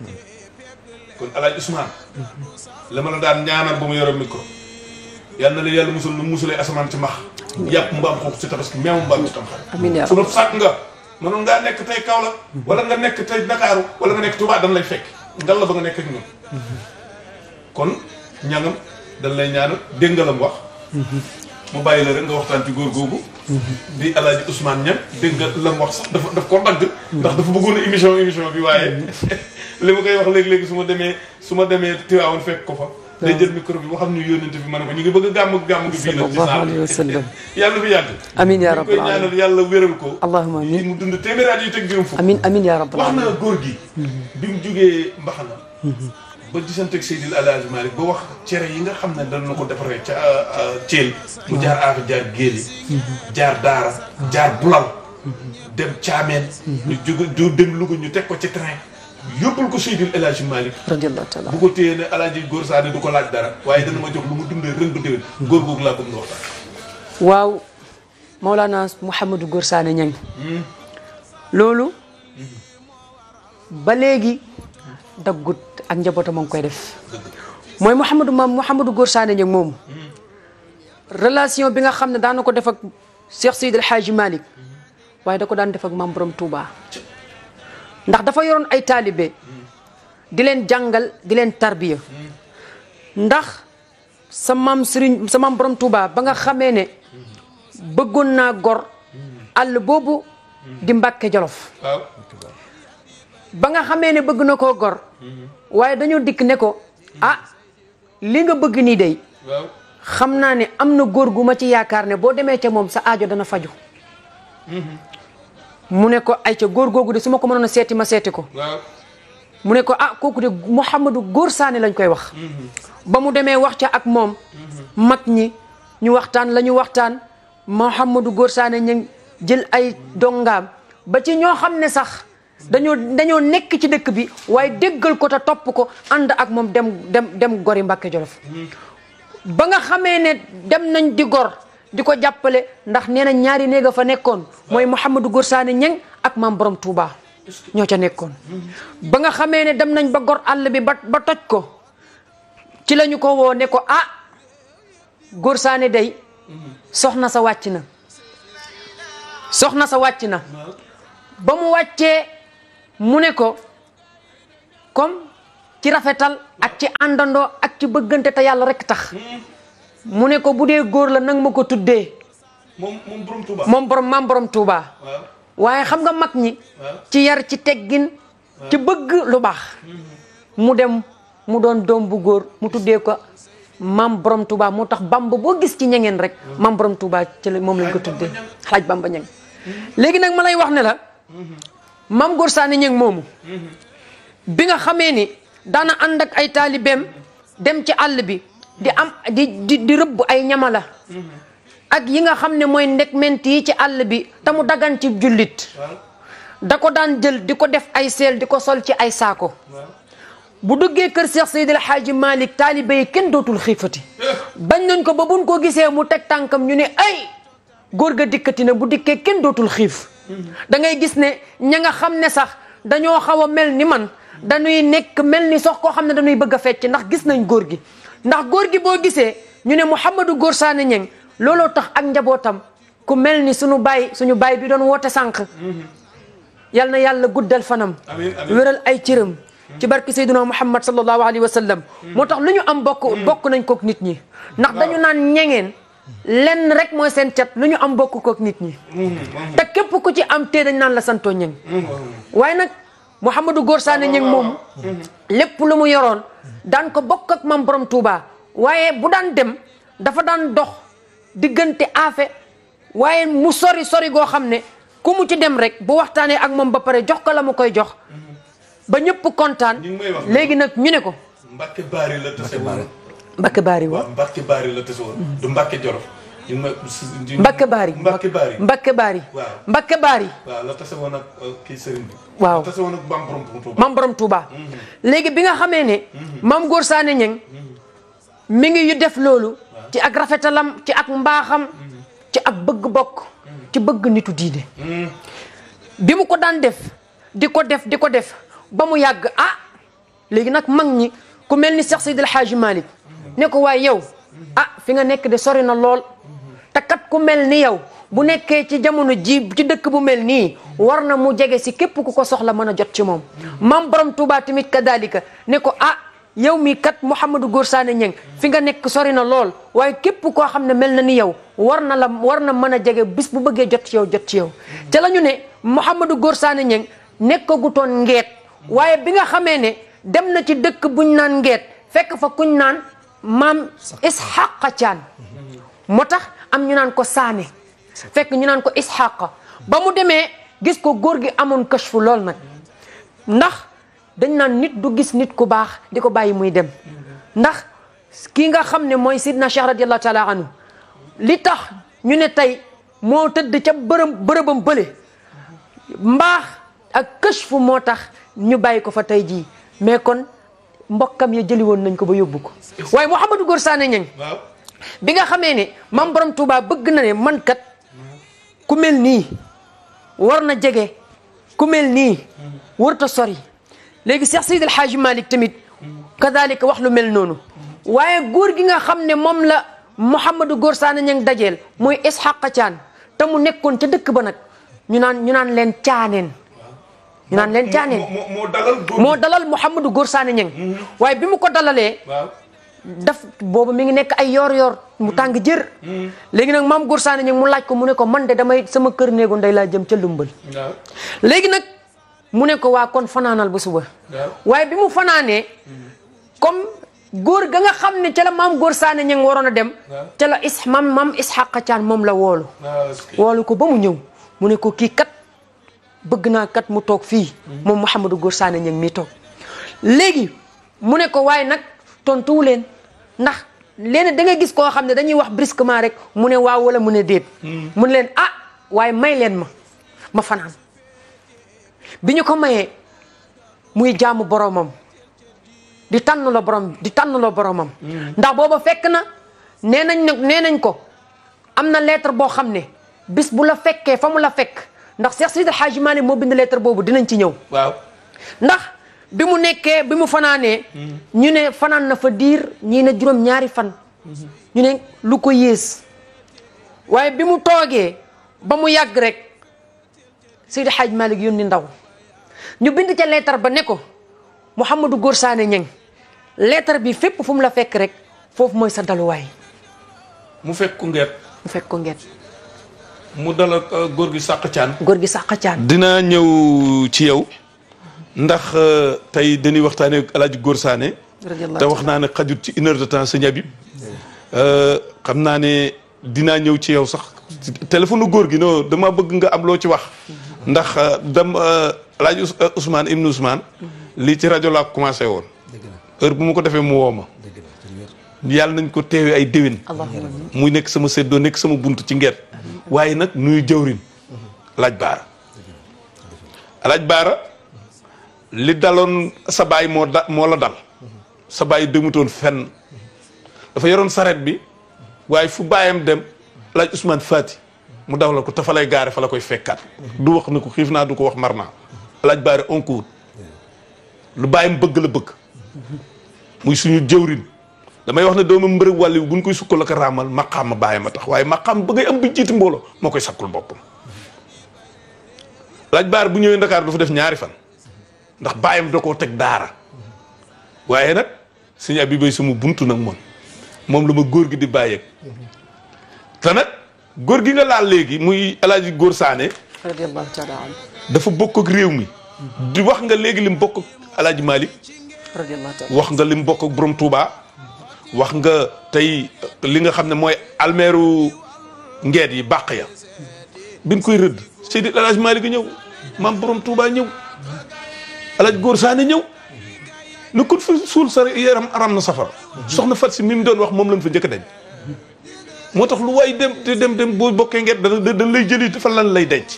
mhm. kon alaaj Ousmane la ma la daan ñaanal ba mu yore micro yal na la yàlla musul mu musulee asamaan ci max yàpp mbaam xoox ci tabaski meew mbaam ci tam su nopp sàkk nga mënul ngaa nekk tey la wala nga nekk tey Ndakaaru wala nga nekk Touba dañ lay fekk ngal la ba nga nekk ak ñun kon ñangam dañ lay ñaanal dégg nga la mu wax mu bàyyi la rek nga waxtaan ci góor googu di alaaji Ousmane Niang dégg nga la mu wax sax dafa daf koo dagg ndax dafa bëggoon émission émission bi waaye li ma koy wax léegi-léegi su ma demee su ma demee Tiwaawoon fekk ko fa day jël micro bi boo xam ne yónnante bi ma ne ko ñu ngi bëgg a gàmm gàmm gi fii nag sallallahu alayhi wa sallam yàlla fi yàgg yàlla wéral ko allahumma amin mu dund téeméeri at yi teg juróom fukk amin amin ya rabbal alamin na góor gi mm-hmm. bi mu jógee mbaxana mm-hmm. ba disanteeg Seydil Alaaji Malick ba wax cere yi nga xam ne dana ko defaree ca euh, euh, Thiel mu jaar aar jaar géeli mm-hmm. jaar daara jaar bulal dem caameen ñu jóge du dem Louga ñu teg ko ci train yóbbul ko Seydil El Hadj Malick bu ko téyee Saane du ko laaj dara waaye dana ma jox lu mu dundee ren ba déwén góor googu laa bëgg waaw Maolana Mouhamadou Góor Saane ñang loolu ba léegi daggut ak njabootam a ngi koy def mooy Mouhamadou maam Mouhamadou Góor Saane ñang moom relation bi nga xam ne daan na ko def ak Cheikh Seydil El waaye da ko daan def ak maam Borom Touba ndax dafa yoroon ay taalibe di leen jàngal di leen tarbiya ndax sa maam Serigne sa maam borom Touba ba nga xamee ne bëggoon naa gor àll boobu di Mbàkke Jolof ba nga xamee ne bëgg na ko gor waaye dañoo dikk ne ko ah lii nga bëgg nii day xam naa ne am na góor gu ma ci yaakaar ne boo demee ca moom sa aajo dana faju mhm. mu ne ko ayca góor googu de su ma ko mënoon a seeti ma seeti ko. mu ne ko ah kooku de Mouhamadou Góor Saane lañu koy wax. Mm-hmm. ba mu demee wax ca ak moom. Mm-hmm. mag ñi ñu waxtaan la ñu waxtaan Mouhamadou Góor Saane ñu jël ay dongaam ba ci ñoo xam ne sax. dañoo dañoo nekk ci dëkk bi waaye dëggal ko te topp ko ànd ak moom dem dem dem gori Mbàkke Jolof mm-hmm. ba nga xamee ne dem nañ di gor di ko jàppale ndax nee na ñaari néega fa nekkoon mooy Mouhamadou Gorsane Ñeng ak maam borom Touba ñoo ca nekkoon ba nga xamee ne dem nañ ba gor àll bi ba ba toj ko ci lañu ko woo ne ko ah Gorsane day soxna sa wàcc na soxna sa wàcc na ba mu wàccee mu ne ko comme ci rafetal ak ci àndandoo ak ci bëggante te yàlla rekk tax mu ne ko bu dee góor la nang ma ko tuddee. moom moom borom Touba moom maam borom Touba. waaye xam nga mag ñi. ci yar ci teggin. ci bëgg lu baax. Mhm. mu dem mu doon doom bu góor mu tuddee ko maam borom Touba moo tax bamba boo gis ci ñangeen rek. Mhm. maam borom Touba ci la moom lañ ko tuddee xalaaj bamba ñang mhm. léegi nag ma lay wax ne la. maam góor saani ñang moomu. bi nga xamee ni daana ànd ak ay taalibeem dem ci àll bi. di am di di rëbb ay la ak yi nga xam ne mooy ndek menti yi ci àll bi te mu dagan ci jullit da ko daan jël di ko def ay seel di ko sol ci ay saako bu duggee kër Cheikh Seydil Hadji Malick taalibe yi kenn dootul xiifati bañ nañ ko ba buñ ko gisee mu teg tànkam ñu ne ay góor ga dikkati na bu dikkee kenn dootul xiif da ngay gis ne ña nga xam ne sax dañoo xaw a mel ni man dañuy nekk mel ni sox koo xam ne dañuy bëgg a fecc ndax gis nañ góor gi ndax góor gi boo gisee ñu ne Mouhamadou Gor Sané Niang looloo tax ak njabootam ku mel ni suñu baay suñu baay bi doon woote sànq yal na yàlla guddal fanam wéral ay cëram hmm. ci barki sayduna Muhammad sallallahu alayhi wa sallam hmm. moo tax lu ñu am bokk hmm. bokk nañ kook nit ñi ndax dañu naan ñengeen lenn rek mooy seen cat lu ñu am bokk kook nit ñi te képp ku ci am tee dañ naan la santoo ñeng Mouhamadou Gor Sané ñëng moom lépp lu mu yoroon daan ko bokk ak mam borom Touba waaye bu daan dem dafa daan dox diggante aafe waaye mu sori sori goo xam ne ku mu ci dem rek bu waxtaanee ak moom ba pare jox ko la mu koy jox ba ñëpp kontaan léegi nag ñu ne ko. Mbacke Bari la tase woon Mbacke Bari Bari la tase Mbakke Baari Mbakke Baari Mbakke Baari. waaw Mbakke Baari. waaw la tase woon ak euh, kii sëriñ bi. waaw la tase woon ak maam borom Touba. maam borom Touba. Mhm. léegi bi nga xamee ne. Mhm. maam Góor Saane Ñeng mhm. mi ngi yu def loolu. ci ak rafetalam ci ak mbaaxam. ci ak bëgg bokk. ci bëgg nitu diine. bi mu ko daan def. di ko def di ko def ba mu yàgg ah léegi nag mag ñi ku mel ni Cheikh Seydil Hadji Malick ne ko waaye yow ah fi nga nekk de sori na lool. te kat ku mel ni yow bu nekkee ci jamono ji ci dëkk bu mel nii war na mu jege si képp ku ko soxla mën a jot ci moom maam borom Touba tamit kadalika ne ko ah yow mii kat Mouhamadou Gor Sané Niang fi nga nekk sori na lool waaye képp koo xam ne mel na ni yow war na la war na mën a jege bis bu bëggee jot ci yow jot ci yow ca la ñu ne Mouhamadou Gor Sané Niang nekkagutoon ngeet waaye bi nga xamee ne dem na ci dëkk buñ naan ngeet fekk fa kuñ naan maam Isxaqa Caan moo tax am ñu naan ko Saane fekk ñu naan ko Isxaqa ba mu demee gis ko góor gi amoon kashfu lool nag ndax dañ naan nit du gis nit ku baax di ko bàyyi muy dem ndax kii nga xam ne mooy sidna Cheikh radiallahu taala anhu li tax ñu ne tey moo tëdd ca bërëm bërëbam bële mbaax ak kashfu moo tax ñu bàyyi ko fa tey jii mais kon mbokkam ya jëli woon nañ ko ba yóbbu ko waaye Mouhamadou góor Sané ñañ bi nga xamee ne mam borom Touba bëgg na ne man kat ku mel nii war na jege ku mel nii warut a sori léegi Cheikh Seydi El Hadji Malick tamit kadaalika wax lu mel noonu waaye góor gi nga xam ne moom la mu Mouhamadou Gor Sané ña dajeel mooy Isxaqa Caan te mu nekkoon ca dëkk ba nag ñu naan ñu naan leen caaneen ñu naan leen caaneen moo dalal Mouhamadou Gor Sané ña ngi mm-hmm. waaye bi mu ko dalalee daf boobu mi ngi nekk ay yor-yor mu mm. tàng jër. Mm. léegi nag maam Góor Saane ñu mu laaj ko mu ne ko man de damay sama kër néegu ndey laa jëm ca Lumbal. léegi nag mu ne ko waa kon fanaanal ba suba. waaye bi mu fanaanee. Mm. comme góor ga nga xam ne ca la Góor Saane ñu waroon a dem. ca la is maam moom la woolu. woolu ko ba mu ñëw mu ne kii kat bëgg naa kat mu toog fii. moom Mouhamadou Góor Saane ñu ngi miy toog léegi mu ne waaye nag. tontuwu leen ndax léeg da ngay gis koo xam ne dañuy wax brusquement rek mu ne waaw wala mu ne déet. Hmm. mu ne leen a ah, waaye may leen ma ma fanaan bi ñu ko mayee muy jaamu boromam di tànn la borom di tànn la boromam. Hmm. ndax booba fekk na nee nañ nag nee nañ ko am na lettre boo xam ne bis bu la fekkee fa mu la fekk ndax si Sidi El ma Malick moo bind lettre boobu dinañ ci ñëw. waaw ndax. bi mu nekkee bi mu fanaanee. ñu ne fanaan na fa diir ñii ne juróom ñaari fan. ñu ne lu ko yées waaye bi mu toogee ba mu yàgg rek Seydi Hadj Malick yónni ndaw ñu bind ca leetar ba ne ko mu Mouhamadou góor saane Niang leetar bi fépp fu mu la fekk rek foofu mooy sa daluwaay. mu fekk ko ngeet. mu fekk ko ngeet. mu dal ak uh, góor gi sàq caan. góor gi sàq caan. dinaa ñëw ci yow. ndax euh, tey dañuy waxtaanee El Hadj Gor Sané. te wax naa ne xajut ci une heure de temps sëñ Habib. Euh, xam naa ne dinaa ñëw ci yow sax téléphone góor gi non dama bëgg nga am loo ci wax. ndax euh, dam El laaj Ousmane Ibn Ousmane. lii ci rajo laa commencé woon. heure bu ma ko defee mu woo ma. nañ ko teewee ay déwén. muy nekk sama séddoo nekk sama bunt ci nger waaye nag nuyu jëwrin laaj baara. laaj baara. li daloon sa baay moo da moo la dal sa baay demutoon fenn dafa yoroon saret bi waaye fu baayam dem laaj Ousmane Fati mu daw la ko te fa fa la koy fekkaat du wax na ko xiif naa du ko wax mar naa laaj baare oncour lu baayam bëgg la bëgg muy suñu jëwrin damay wax ne doomam mbërëg wàll bu buñ koy sukkal ak raamal maqaam ma baayam a tax waaye maqaam bëggay am bi jiiti mbooloo moo koy sakkul boppam laaj baar bu ñëwee Ndakaar du fa def ñaari fan ndax baayam da koo teg daara waaye nag sëñ bi bay suma buntu nag moom moom la ma góor gi di bàyyeeg te nag góor gi nga laal léegi muy alaaji góor saane radiyallahu dafa bokk ak réew mi di wax nga léegi lim bokk ak alaaji malik wax nga lim bokk ak borom Touba. wax nga tey li nga xam ne mooy almeeru ngeet yi bàq ya biñ koy rëdd Seydi alaaji malik ñëw maam borom Touba ñëw alaj góor saane ñëw lu ko fi suul sa yaram aram na safara soxna fat si mi mu doon wax moom lañ fa njëkk denc moo tax lu waay dem dem dem boo bokkee nget dana dañ lay jëli fa lan lay denc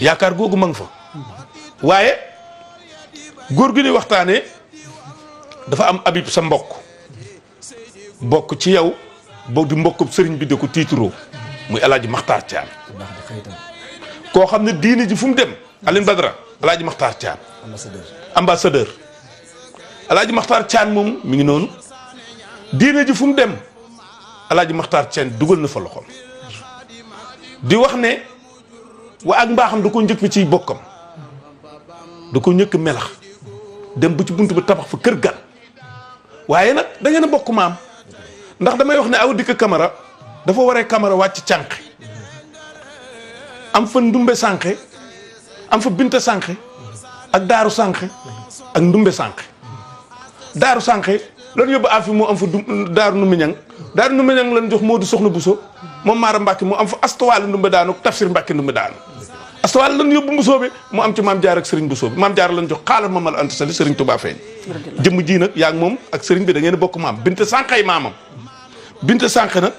yaakaar googu ma nga waaye góor gi ni waxtaanee dafa am abib sa mbokk bokk ci yow boo di mbokkub sëriñ bi di ko tiituroo muy alaaji maxtaar caam koo xam ne diine ji fu mu dem Alioune Badara alaaji Maxtaar Thiam ambassadeur ambassadeur alaaji Maxtaar Thiam moom mi ngi noonu diine ji fu dem alaaji Maxtaar Thiam dugal na fa loxo di wax ne wa ak mbaaxam da ko njëkk ci bokkam da ko njëkk melax dem bu ci bunt bi tabax fa kër gan waaye nag da ngeen bokk maam ndax damay wax ne aw dikk kamara dafa waree kamara wàcc cànq am fa ndumbe sànqe am fa Binta Sànqe ak Daaru Sànqe ak Ndumbe Sànqe Daaru Sànqe lan yóbbu afi moo am fa Daaru Ndumbe Ñang Daaru Ndumbe Ñang lan jox moo di Soxna Buso moom Maara Mbàkke moo am fa astuwaale Ndumbe daanu Tafsir Mbàkke Ndumbe daanu astuwaale lan yóbbu Buso bi mu am ci Maam jaar ak Sëriñ Buso bi Maam jaar lan jox xaalal mamal Anta Sali Sëriñ Tubaa feeñ jëmm ji nag yaa ngi moom ak sëriñ bi da ngeen bokk maam Binta Sànqe maamam Binta Sànqe nag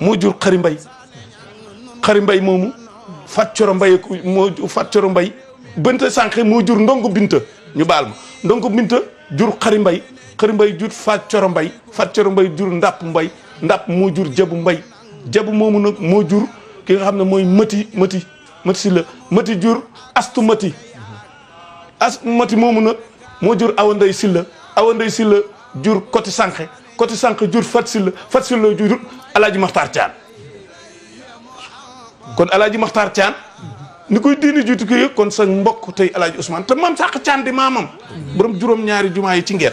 moo jur Xari Mbay Xari Mbay moomu fat coro mbay moo fat mbay bënta sànq moo jur ndongo binta ñu baal ma ndongo binta jur xari mbay xari mbay jur fat coro mbay fat coro mbay jur ndàpp mbay ndàpp moo jur jabu mbay jabu moomu nag moo jur ki nga xam ne mooy mëti mëti mëti si la mëti jur astu mëti as mëti moomu nag moo jur awanday si la awanday si la jur koti sànq koti sànq jur fat si la fat si la jur alaaji maxtaar caan kon alaaji maxtaar caan nu koy diini jiitu ko yëg kon sa mbokk tey alaaji Ousmane tam maam sàq caan di maamam borom juróom ñaari jumaa yi ci ngeen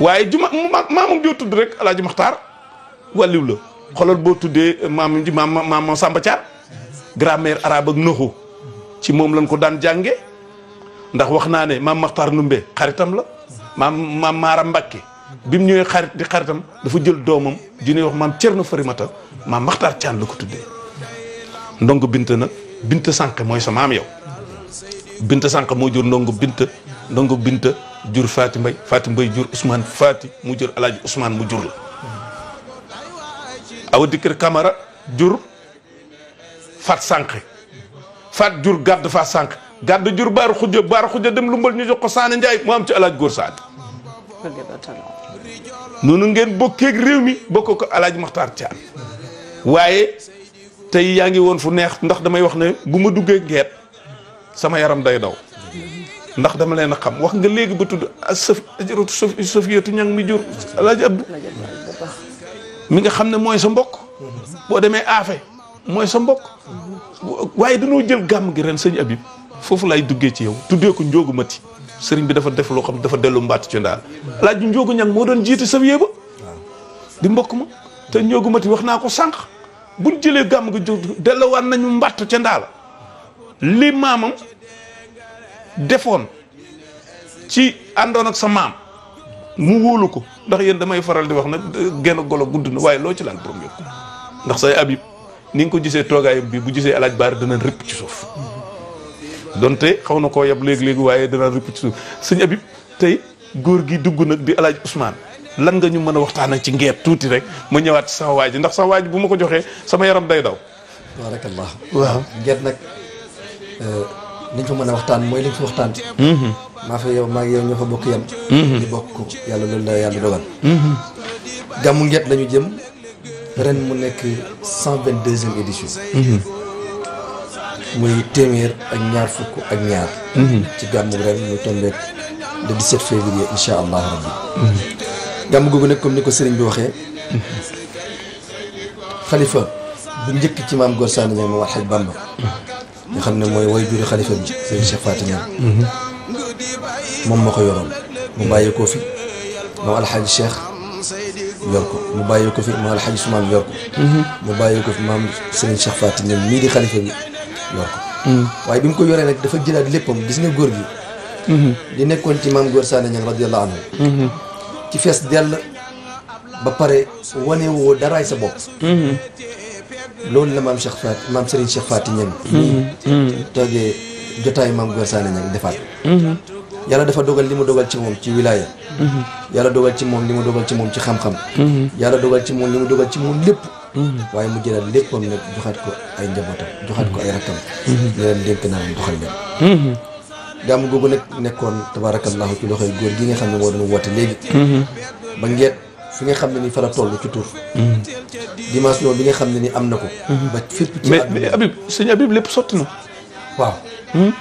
waaye juma maamam joo tudd rek alaaji maxtaar wàlliw la boo tuddee maam ji maam maam Samba Thiar grammaire arabe ak ci moom lañ ko daan jànge ndax wax naa ne maam Maxtaar Numbe xaritam la maam maam Maara Mbakke bi mu ñëwee xarit di xaritam dafa jël doomam ju ñuy wax maam Cerno Farimata maam Maxtaar Caan la ko tuddee ndongo binta na binta sànq mooy sa maam yow binta sànq moo jur ndongo binta ndongo binta jur faati mbay faati mbay jur ousmane faati mu jur alaaji usmaan mu jur la awa dikkër camara jur faat sànq faat jur gàdd faat sànq gàdd jur baar xujja baar xujja dem lu mbal ñu jox ko saane njaay mu am ci alaaj góor saat noonu ngeen bokkeeg réew mi bokk ko alaaj maxtaar caan waaye tey yaa ngi woon fu neex ndax damay wax ne gu ma duggee geet sama yaram day daw ndax dama leen a xam wax nga léegi ba tudd sëf sëf sëfiyatu ñang mi jur mi nga xam ne mooy sa mbokk boo demee aafe mooy sa mbokk waaye dañoo jël gàmm gi ren sëñ Habib foofu laay duggee ci yow tuddee ko njoogu mati sëriñ bi dafa def loo xam dafa dellu mbaat ci ndaal laaj ju njoogu ñang moo doon jiite sëf yee ba di mbokk ma te njoogu wax naa ko sànq bu jëlee gàmm gi delluwaat nañu mbatt ca ndaala li maamam defoon ci àndoon ak sa maam mu wóolu ko ndax yéen damay faral di wax nag genn golo gudd na waaye loo ci laal borom yokku ndax say abib ni ko gisee toogaayam bii bu gisee alaaj baar dina rëpp ci suuf donte xaw na koo yab léegi-léegi waaye dana rëpp ci suuf sëñ abib tey góor gi dugg nag di alaaj Ousmane lan nga ñu mën a waxtaanee ci ngeet tuuti rek ma ñëwaat ci sama waa ji ndax sama waaj bu ma ko joxee sama yaram day daw. barakallah waaw ngeet nag niñ euh, fa mën a waxtaan mooy liñ fi waxtaan. Mm-hmm. maa fa yow maa ngi yow ñoo fa bokk yem. ñu mm-hmm. bokk yàlla loolu la yàlla dogal. Mm-hmm. gàmmu ngeet lañu jëm ren mu nekk cent vingt deuxième édition. muy téeméer ak ñaar fukk ak ñaar. ci gàmmu ren muy tombé le 17 février incha allah rabbi. gàmm googu nag comme ni ko sëriñ bi waxee xalifa bu njëkk ci maam Gor Sané Ndiaye moom Alxaj Bamba nga xam ne mooy way juri xalifa bi sëriñ Cheikh Fatou Niang moom moo ko yoroon mu bàyyi fi moom Alxaj Cheikh yor ko mu bàyyi ko fi moom Alxaj Souman mu bàyyi ko fi maam sëriñ Cheikh Fatou Niang mii di xalifa bi yor ko waaye bi mu ko yoree nag dafa jëlaat léppam gis nga góor gi di nekkoon ci maam Gor Sané Ndiaye radiyallahu anhu ci fees dell ba pare wane woo daraay sa bopp mhm. loolu la maam Cheikh Faat maam Serigne Cheikh Faat ñam ñii toogee jotaayu maam Gor Sané ñag defaat mhm. yàlla dafa dogal li mu dogal ci moom ci wilaaya mhm. yàlla dogal ci moom li mu dogal ci moom ci xam-xam yàlla dogal ci moom li mu dogal ci moom lépp waaye mu jëlal léppam nag joxaat ko ay njabootam joxaat ko ay rakkam ne leen dénk naa leen leen gàmm googu nag nekkoon tabaarakallaahu ci loxoy góor gi nga xam ne moo doon woote léegi. Mm-hmm. ba ngeet fi nga xam ne ni fa la toll ci tur. Mm-hmm. dimension bi nga xam ne ni am na ko. Mm-hmm. ba fépp ci mais mais Habib sëñ Habib lépp sotti na. waaw. Hmm?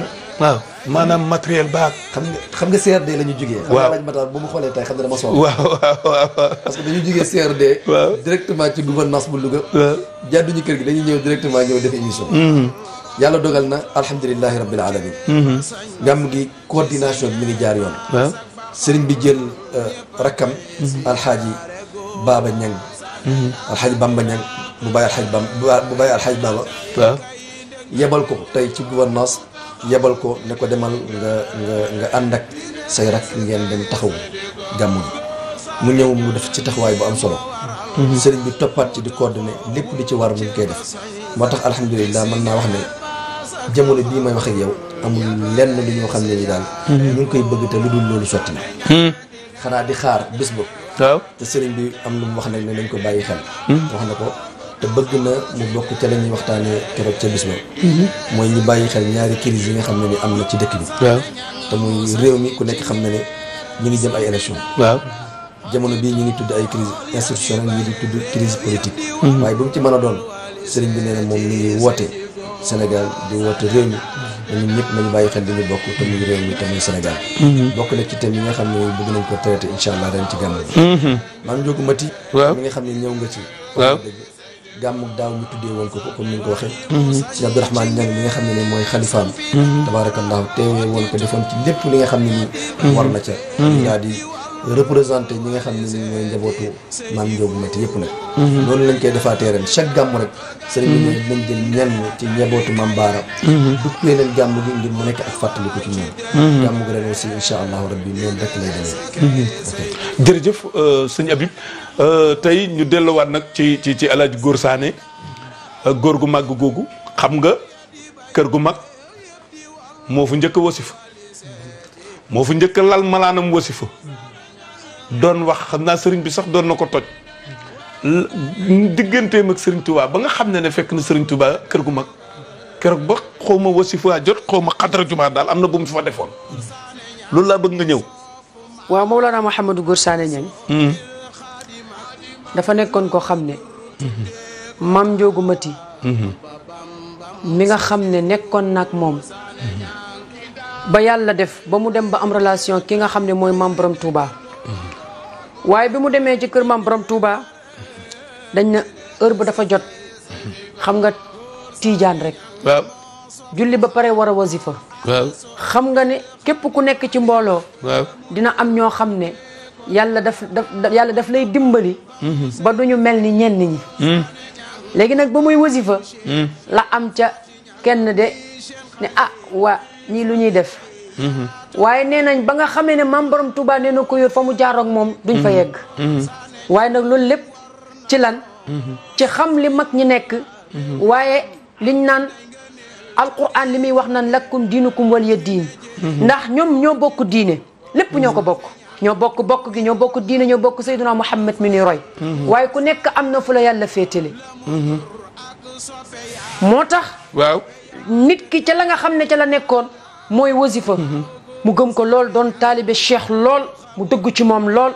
na. waaw maanaam matériel baax. xam nga xam nga CRD la ñu jugee. waaw xam nga bu mu xoolee tey xam ne dama soxla. waaw waaw waaw. parce que dañu jugee CRD. waaw directement ci gouvernance bu Louga. waaw jàdduñu kër gi dañuy ñëw directement ñëw def émission. Hmm. yàlla dogal na alhamdulilahi rabbil alamin mhm. gàmm gi coordination bi mi ngi jaar yoon waaw sëriñ bi jël euh, rakkam mhm. alxaaji baaba ñang mhm. alxaaji bamba ñang bu bàyyi alxaaji bamba bu bàyyi alxaaji baaba yebal ko tey ci gouvernance yebal ko ne ko demal nga nga nga ànd ak say rakk ngeen dem taxaw gàmm gi mu ñëw mu def ci taxawaay bu am solo sëriñ bi toppaat ci di coordonné lépp li ci war mu ngi koy def moo tax alhamdulilah mën naa wax ne jamono bii may wax ak yow amul lenn lu ñoo xam ne ni daal. Mhm. ñu ngi koy bëgg te lu dul loolu sotti na. Hmm. xanaa di xaar bés ba. waaw te sëriñ bi am lu mu wax nag ne nañ ko bàyyi xel. Hmm. wax na ko te bëgg na mu bokk ca la ñuy waxtaanee keroog ca bis hmm. mooy ñu bàyyi xel ñaari crise yi nga xam ne ni am na ci dëkk bi. te muy réew mi ku nekk xam na ne ñu ngi jëm ay élection waaw jamono bii ñu ngi tudd ay crise institutionnelle ñu di tudd crise politique. waaye bu mu ci mën a doon sëriñ bi nee na moom woote. Sénégal di woote réew mi dañu mm-hmm. ñëpp nañu bàyyi xel di ñu bokk te muy réew mi te muy mm-hmm. bokk na ci thème yi nga xam ne bëgg nañ ko traité incha allah ren ci gàmm mm-hmm. maam nga xam ne ñëw nga ci waaw gàmmu daaw ñu tuddee woon ko ko comme ni ko waxee si Abdourahmane Niang mi nga xam ne ne mooy xalifaam tabaarakallahu teewee woon ko defoon ci lépp li nga xam ne ni war na ca yaa di représenté ñi nga xam ne ni mooy njabootu maam Ndiobou Mati yëpp nag. noonu lañ koy defaatee ren chaque gàmm rek. sëriñ bi ci njabootu maam Baara. duppee mu nekk ak fàttaliku ci ñoom. gàmm gi ren aussi incha allahu rabbi noonu rek lay demee. ok jërëjëf euh, sëñ Habib euh, tey ñu delluwaat nag ci ci ci El góor saane euh, góor gu màgg googu xam nga kër gu mag moo fu njëkk a wasif moo fu njëkk a lal malaanam wasif doon wax xam naa sëriñ bi sax doon na ko toj digganteem ak sëriñ Touba ba nga xam ne ne fekk na sëriñ Touba kër gu mag keroog ba xaw ma wasifa jot xaw ma xadra juma daal am na bu mu fa defoon loolu laa bëgg nga ñëw waaw Mawlana Mouhamadou Gorsane Niang hmm. dafa nekkoon koo xam ne maam Njoogu Mati hmm. mi nga xam ne nekkoon nag moom ba yàlla def ba mu dem ba am relation ki nga xam ne mooy maam borom Touba hmm. waaye bi mu demee ci kër maam borom Touba dañ na heure ba dafa jot xam nga tiijaan rek. julli ba pare war a wasifa. waaw xam nga ni képp ku nekk ci mbooloo. dina am ñoo xam ne yàlla daf daf yàlla daf lay dimbali. Mhm. ba du ñu mel ni ñenn ñi. Mhm. léegi nag ba muy wasifa. Mhm. la am ca kenn de ne ah waa ñii lu ñuy def. waaye nee nañ ba nga xamee ne maam borom Touba nee na ko yor fa mu jaaroog moom duñ fa mhm. yegg mhm. waaye nag loolu lépp ci lan mhm. ci xam li mag ñi nekk waaye liñ naan alquran li muy wax naan lakkum diinukum waliya diin ndax ñoom ñoo bokk diine lépp ñoo ko bokk ñoo bokk bokk gi ñoo bokk diine ñoo bokk sayduna muhammad mi ni roy waaye ku nekk am na fu la yàlla féetale moo tax nit ki ci la nga xam ne ca la nekkoon mooy wasifa mu gëm ko lool doon taalibe cheikh lool mu dëgg ci moom lool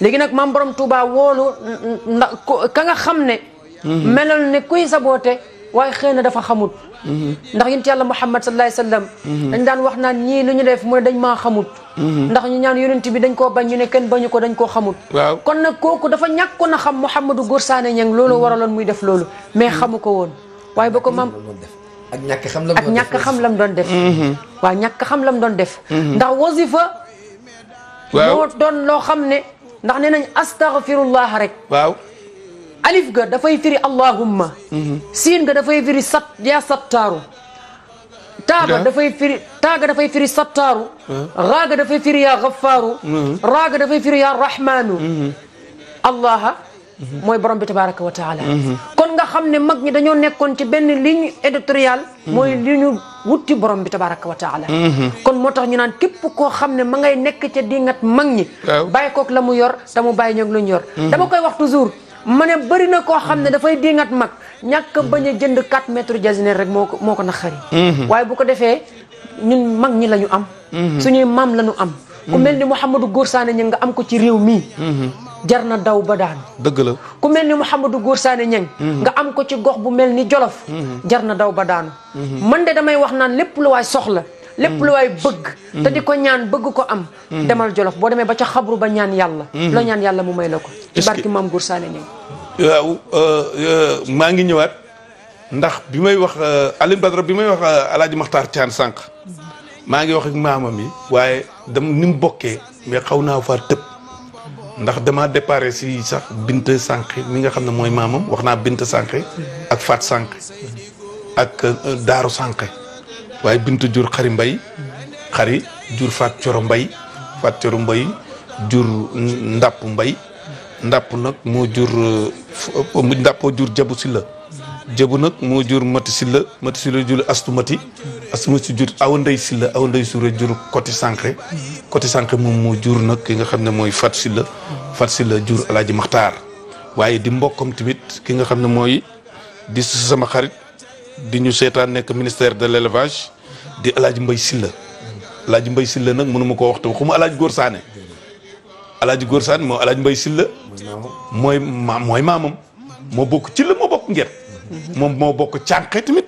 léegi nag maam borom Touba woolu ndax ka nga xam ne melal ne kuy saboote waaye xëy na dafa xamut ndax yonent yàlla Muhammad sallallahu alayhi wasallam dañ daan wax naan ñii lu ñu def mu ne dañ maa xamut ndax ñu ñaan ti bi dañ ko bañ ñu ne kenn bañu ko dañ koo xamut waaw kon nag kooku dafa ñàkkoon a xam Mouhamadou Gorsane Niang loolu waraloon muy def loolu mais xamu ko woon waaye ba ko maam ak ñàkk xam lam doon def ak ñàkk xam lam doon def. Mm-hmm. waaw ñàkk xam lam doon def. Mm-hmm. ndax wasifa. waaw moo doon loo xam ne ndax ne nañ astaghfirullah rek. waaw. alif ga dafay firi allahumma. Mm-hmm. siin ga dafay firi sat yaa sattaaru. taaga dafay firi taaga dafay firi sattaaru. raaga dafay firi yaa gaffaaru. raaga dafay firi yaa rahmaanu. allah. mooy borom bi tabaraka wa taala kon nga xam ne mag ñi dañoo nekkoon ci benn lii ligne éditoriale mooy li ñu wutti borom bi tabaraka wa taala kon moo tax ñu naan képp koo xam ne ma ngay nekk ca dingat mag ñi bàyyi kook la mu yor te mu bàyyi ñoog yor dama koy wax toujours ma ne na koo xam ne dafay dingat mag ñàkk bañ jënd 4 mètres rek moo ko moo ko naqari mhm. waaye bu defee ñun mag ñi la am mhm. suñuy maam la ñu am ku mhm. mel ni Mouhamadou Góor Saane ñi nga am ko ci réew mii jar na daw ba daan dëgg la ku mel ni Mouhamadou Góor Saane Ñang mhm. nga am ko ci gox bu mel ni Jolof mhm. jar na daw ba daanu mhm. man de damay wax naan lépp lu waay soxla lépp lu waay bëgg te di ko ñaan bëgg ko am demal Jolof boo demee ba ca xabru ba ñaan yàlla loo ñaan yàlla mu may la ko ci barki maam Góor Saane euh, euh, maa ngi ñëwaat ndax bi may wax euh, Alioune Badara bi may wax Alaaji Maxtaar Caan sànq maa ngi wax ak maamam yi waaye dam ni bokkee mais xaw naa faa tëb ndax dama déparé si sax bint sànq mi nga xam ne mooy maamam wax naa bint sànq ak faat sànq ak euh, daaru sànq waaye bint jur xari mbay xari jur faat coro mbay faat coro mbay jur ndàpp mbay ndapp nag moo jur euh, euh, ndàppoo jur jabu si la jëbu nag moo jur mati silla mati silla jur astumati astumati jur awa ndey silla awa ndey suure jur koti sànqe koti sànqe moom moo jur nag ki nga xam ne mooy fat silla fat silla jur alaaji maxtaar waaye di mbokkam tamit ki nga xam ne mooy di sama xarit di ñu seetaan nekk ministère de l'élevage di alaaji mbay silla alaaji mbay silla nag mënuma koo waxtu xuma alaaji góor saane alaaji góor saane moo alaaji mbay silla mooy mooy maamam moo bokk ci la moo bokk ngeet moom moo bokk cànqee tamit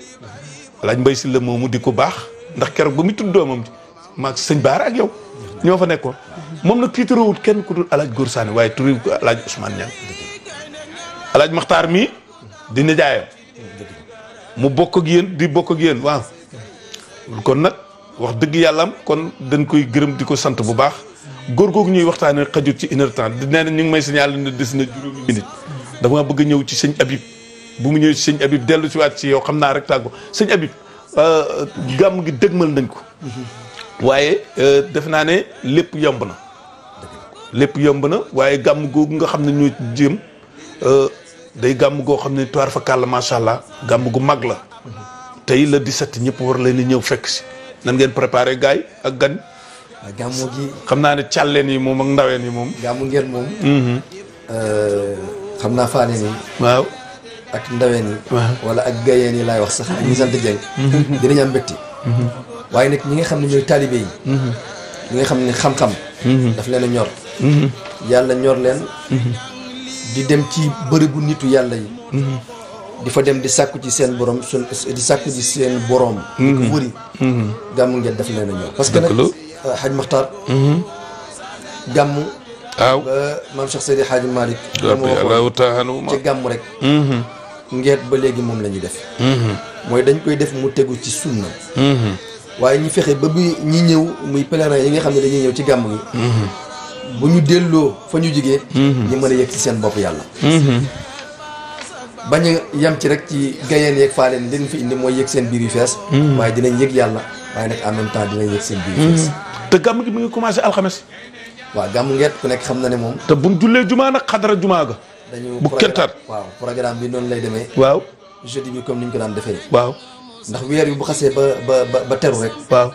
laaj mbay si la moomu di ko baax ndax keroog ba mu tudd doomam maag sëñ Baara ak yow ñoo fa nekkoon moom nag tiitaroowut kenn ku dul alaaj góor saani waaye turiw ko alaaj alaaj Maxtaar mii di nijaayam mu bokk ak yéen di bokk ak yéen waaw kon nag wax dëgg yàllaam kon dan koy gërëm di ko sant bu baax góor googu ñuy waxtaanee xajut ci une di nee na ñu ngi may signaler ne des na juróomi minute dama bëgg ñëw ci sëñ Habib bu mu ñëwee si sëñ Habib dellu si waat si yow xam naa rek tàggu sëñ Habib euh, gàmm gi dëgmal nañ ko. waaye euh, def naa ne lépp yomb na. lépp yomb na waaye gàmm googu nga xam ne ñoo jëm euh, day gàmm goo xam ne tuwaar fa kàll macha allah gàmm gu mag la. tey la di 17 ñëpp war leen di ñëw fekk si. nan ngeen préparé gaay ak gan. gàmmu gi xam naa ne càlleen yi moom ak ndaween yi moom. gàmmu ngeen moom. Mhm. xam naa faane ni. waaw. ak ndaween yi wala ak gayeen yi laay wax sax ak ñi sant Dieng mhm. dinañ am mbégte mhm. waaye nag ñi nga xam ne ñooy taalibe yi mhm. ñi nga xam ne xam-xam daf leen a ñor yàlla ñor leen di dem ci bërëbu nitu yàlla yi di fa dem di sàkku ci seen borom sun di sàkku ci seen borom di ko wëri gàmmu ngeen daf leen a ñor parce que nag xaj maxtaar gàmmu waaw maam Cheikh Seydi Xaaji Malick moo waxoon ci gàmmu rek ngeet ba léegi moom la ñuy def mm-hmm. mooy dañ koy def mu tegu ci sunna mm-hmm. waaye ñu fexe ba bu ñi ñëw muy pèlerin yi nga xam ne dañuy ñëw ci gàmm gi mm-hmm. bu ñu delloo fa ñu jigee ñu mën a yëg ci seen bopp yàlla bañ a yam ci rek ci gayeen yeeg faaleen leen fi indi mooy yëg seen biir yu fees waaye dinañ yëg yàlla waaye nag en même temps dinañ yëg seen biir yu fees te gàmm gi mu ngi commencé alxames waaw gàmm ngeet ku nekk xam na ne moom te bu ñu jullee jumaa nag xadara jumaa ga dañu bu kentar waaw programme bi noonu lay demee. waaw jeudi bi comme ni ñu ko daan defee. ndax weer bi bu xasee ba ba ba teru rek. waaw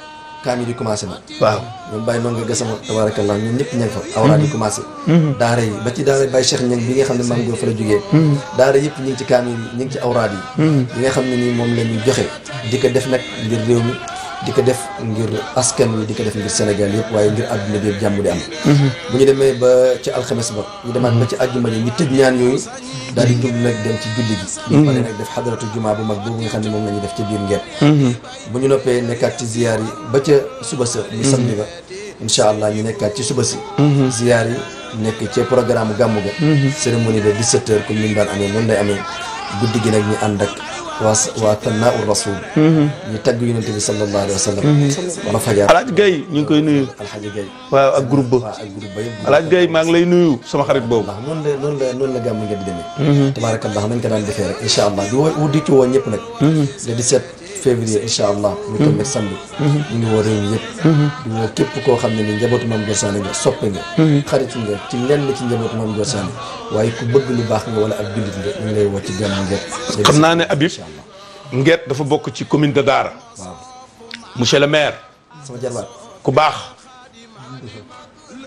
kaamil yi commencé na. waaw ñoom Baye noonu nga gasama tabarakallah ñun ñëpp ña fa. awraad yi mhm. commencé. Mhm. daara yi ba ci daara Baye Cheikh ñang bi nga xam ne maam Góor fa la jógee. Mhm. daara yëpp ñu ngi ci kaamil yi ñu ci awraad yi. yi xam ne nii moom la ñu joxe. di ko def nag ngir réew mi. di ko def ngir askan wi di ko def ngir Sénégal yëpp waaye ngir àdduna bi yëpp jàmm di am bu ñu demee ba ci alxames ba ñu demaat ba ci àjjuma ji ñu tëj ñaan yooyu daal di jublu nag dem ci julli gi bu pare nag def xadaratu juma bu mag boobu nga xam ne moom la def ca biir ngeen bu ñu noppee nekkaat ci ziyaar ba ca suba sa bi samedi ba incha allah ñu nekkaat ci suba si ziyaar yi nekk ci programme gàmmu ga cérémonie ba 17 heures comme ni mu daan amee noonu lay amee guddi gi nag ñu ànd ak waa waa tannaa ul rasul mm-hmm. ñu tagg yonent bi sallallahu alayhi wa sallam wala mm-hmm. fajar alaaj gay ñu ngi koy nuyu alxaaji gay waaw ak groupe ba ak groupe ba yëpp maa ngi lay nuyu sama xarit boobu ndax noonu la noonu la noonu la gàmmu ngeen di demee mm-hmm. tabaarakallah nañ ko daan defee rek incha allah di woo di ci woo ñëpp di seet février incha allah. mu tombé samedi. Mm-hmm. ñu ngi woo réew mi yëpp. di mm-hmm. woo képp koo xam ne ni njabootu Mame Gor Sané nga soppe nga. Mm-hmm. xarit nga ci lenn ci njabootu Mame Gor waaye ku bëgg lu baax nga wala ab jullit nga ñu ngi lay woo ci xam naa ne Habib Ngeet dafa bokk ci commune de Daara. waaw monsieur le maire. sama jarbaat ku baax.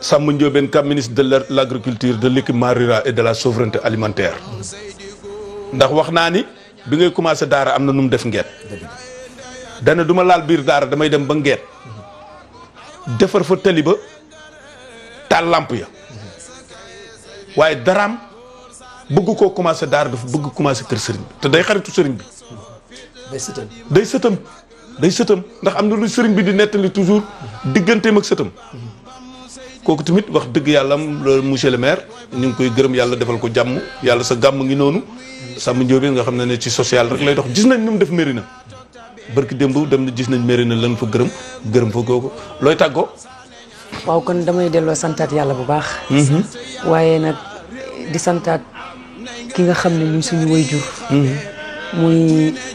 Samba Ndiobène Ka ministre de l' agriculture de l' équipement rural et de la souveraineté alimentaire. ndax wax naa ni. bi ngay commencé daara am na nu mu def ngeet dana du laal biir daara damay dem ba ngeet defar fa tali ba taal làmp ya waaye daraam bëgg koo commencé daara dafa bëgg commencé kër sëriñ bi te day xaritu sëriñ bi day sëtam day sëtam day sëtam ndax am na lu sëriñ bi di nettali toujours digganteem ak sëtam kooku tamit wax dëgg yàlla monsieur le maire ñu ngi koy gërëm yàlla defal ko jàmm yàlla sa gàmm ngi noonu sàmm njóobeen nga xam ne ne ci social rek lay dox gis nañ nu mu def mairie na barki démb dem na gis nañ mairie na lan fa gërëm gërëm fa googu looy tàggoo waaw kon damay delloo santaat yàlla bu baax mm-hmm. waaye nag di santaat ki nga xam ne muy suñu way jur mm-hmm. muy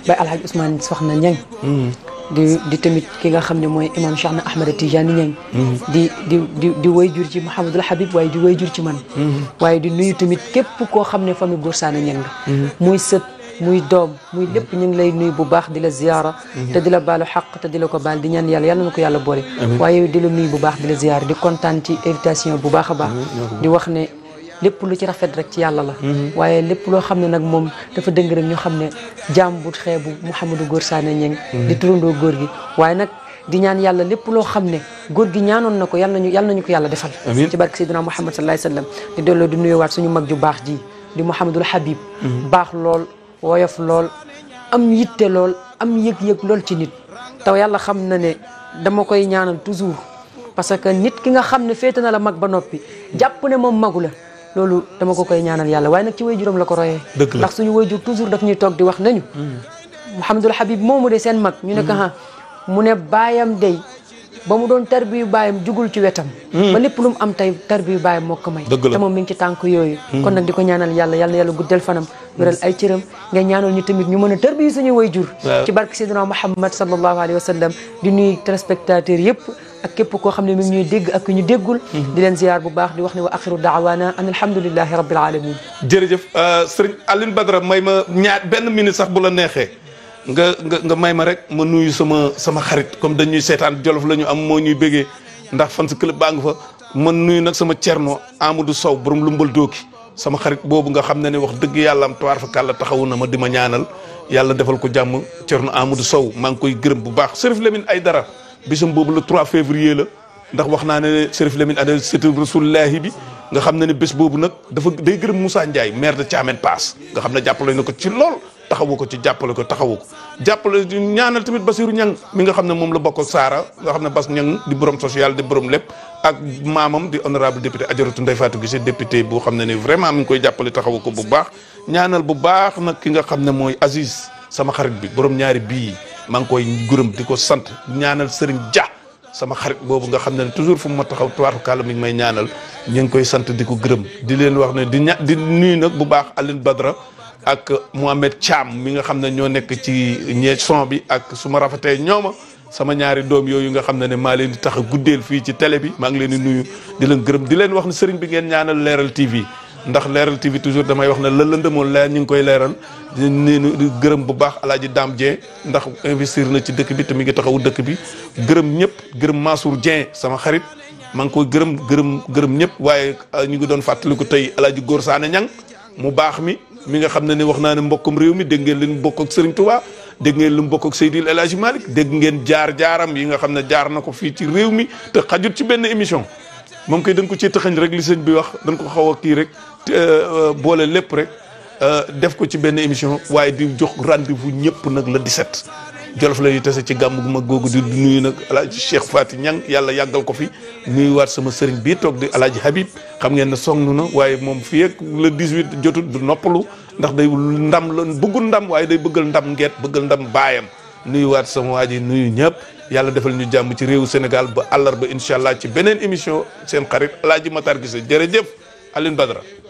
bay alxaaj Ousmane soxna Ñang mm-hmm. di di tamit ki nga xam ne mooy imam Cheikh na Ahmed Tidiane Niang mhm. di di di di way jur ci Mouhamadul Habib waaye di way jur ci man mhm. waaye di nuyu tamit képp koo xam ne famille Gorsana Niang mhm. muy sët muy doom muy lépp ñu ngi lay nuyu bu baax di la ziyaara te di la baalu xaq te di la ko baal di ñaan yàlla yàlla na ko yàlla boole waaye di la nuyu bu baax di la ziyaara di kontaan ci invitation bu baax a baax di wax ne lépp lu ci rafet rek ci yàlla la mhm. waaye lépp loo xam ne nag moom dafa dëng rek ñu xam ne jaam bu xeebu Mouhamadou Gor Sané Niang mhm. di turundoo góor gi waaye nag di ñaan yàlla lépp loo xam ne góor gi ñaanoon na ko yàlla nañu yal nañu ko yàlla defal ci barke Seydina Muhammad sallallahu alayhi wa sallam di delloo di nuyuwaat suñu mag ju baax ji di Mouhamadul Habib mhm. baax lool woyof lool am yitte lool am yëg-yëg lool ci nit taw yàlla xam na ne dama koy ñaanal toujours parce que nit ki nga xam ne féete na la mag ba noppi jàpp ne moom magu la loolu dama ko koy ñaanal yàlla waaye nag ci way juróom la ko royee ndax suñu way jur toujours daf ñuy toog di wax nañu mm. Mouhamadul Habib moomu de seen mag ñu ne ka mm. ah, ha mu ne baayam day ba mu doon tarbiyu baayam jugul ci wetam mm. ba lépp lu mu am tey tarbiyu baayam moo ko may te moom mi ngi ci tànk yooyu kon nag di ko ñaanal yàlla yàlla yàlla guddal fanam wéral ay cëram nga ñaanal ñu tamit ñu mën a tarbiyu suñu way jur ci barke Seydina Mouhamad sallallahu alayhi wa sallam di nuyu téléspectateurs yëpp ak képp koo xam ne mi ngi ñuy dégg ak ñu déggul di leen ziyaar bu baax di wax ne wa axiru daawaana an alhamdulillahi rabbil alamin jërëjëf euh, sëriñ Alioune Badara may ma ñaar benn minute sax bu la neexee nga nga nga may ma rek ma nuyu sama sama xarit comme dañuy seetaan jolof la ñu am moo ñuy bëggee ndax fan sa club baa nga fa man nuyu nag sama cerno Amadou Sow borom lumbal dooki sama xarit boobu nga xam ne ne wax dëgg yàlla am tawaar fa kàlla taxawu na ma di ma ñaanal yàlla defal ko jàmm cerno Amadou Sow maa ngi koy gërëm bu baax Serif ay dara bisam boobu le 3 février la ndax wax naa ne Chérif Lamine Adel sëtu Rasulullahi bi nga xam ne ne bés boobu nag dafa day gërëm Moussa Ndiaye maire de Thiamène Pass nga xam ne jàppale na ko ci lool taxawu ko ci jàppale ko taxawu ko jàppale ñaanal tamit Basirou Niang mi nga xam ne moom la bokk ak Saara nga xam ne Bas Niang di borom social di borom lépp ak maamam di honorable député Adjaratou Ndeye Fatou Guissé député boo xam ne ne vraiment mi ngi koy jàppale taxawu ko bu baax ñaanal bu baax nag ki nga xam ne mooy Aziz sama xarit bi borom ñaari bii maa ngi koy gërëm di ko sant ñaanal sëriñ Dia sama xarit boobu nga xam ne toujours fu mu ma taxaw tuwaatu kàlla mi ngi may ñaanal ñu ngi koy sant di ko gërëm di leen wax ne di ña di nuyu nag bu baax Alioune Badra ak Mohamed Thiam mi nga xam ne ñoo nekk ci ñee son bi ak su ma rafetee ñooma sama ñaari doom yooyu nga xam ne ne maa leen di tax a guddeel fii ci télé bi maa ngi leen di nuyu di leen gërëm di leen wax ne sëriñ bi ngeen ñaanal leeral TV. ndax leeral TV damay wax ne la lëndëmoon leer ñu ngi koy leeral ni di gërëm bu baax alaaji daam Dieng ndax investir na ci dëkk bi te mi ngi taxawu dëkk bi gërëm ñëpp gërëm Mansour Dieng sama xarit maa ngi koy gërëm gërëm gërëm ñëpp waaye euh, ñu ngi doon fàttaliku tey alaaji Góor Saane Ñang mu baax mi mi nga xam ne ne wax naa ne mbokkum réew mi dégg ngeen li sëriñ bokk ak Serigne Touba dégg ngeen li mu bokk ak Seydil ngeen jaar-jaaram yi nga xam ne jaar na ko fii ci réew mi te xajut ci benn émission moom kay dañ ko cee tëxañ rek li sëñ bi wax dañ ko xaw a kii rek Euh, boole lépp rek euh, def ko ci benn émission waaye di jox rendez-vous ñëpp nag la 17 jolof la ñuy tase ci gàmm gu mag googu di nuyu nag El Hadj Cheikh Fati Niang yàlla yàggal ko fi nuyuwaat sama sëriñ bi toog di El Hadj Habib xam ngeen ne song na waaye moom fii ak le 18 jotul du noppalu ndax day ndam la bëggul ndam waaye day bëggal ndam ngeet bëggal ndam baayam waat sama waa ji nuyu ñëpp yàlla defal ñu jàmm ci réewu Sénégal ba àllarba incha allah ci beneen émission seen xarit El Hadj Matar Guissé jërëjëf Alioune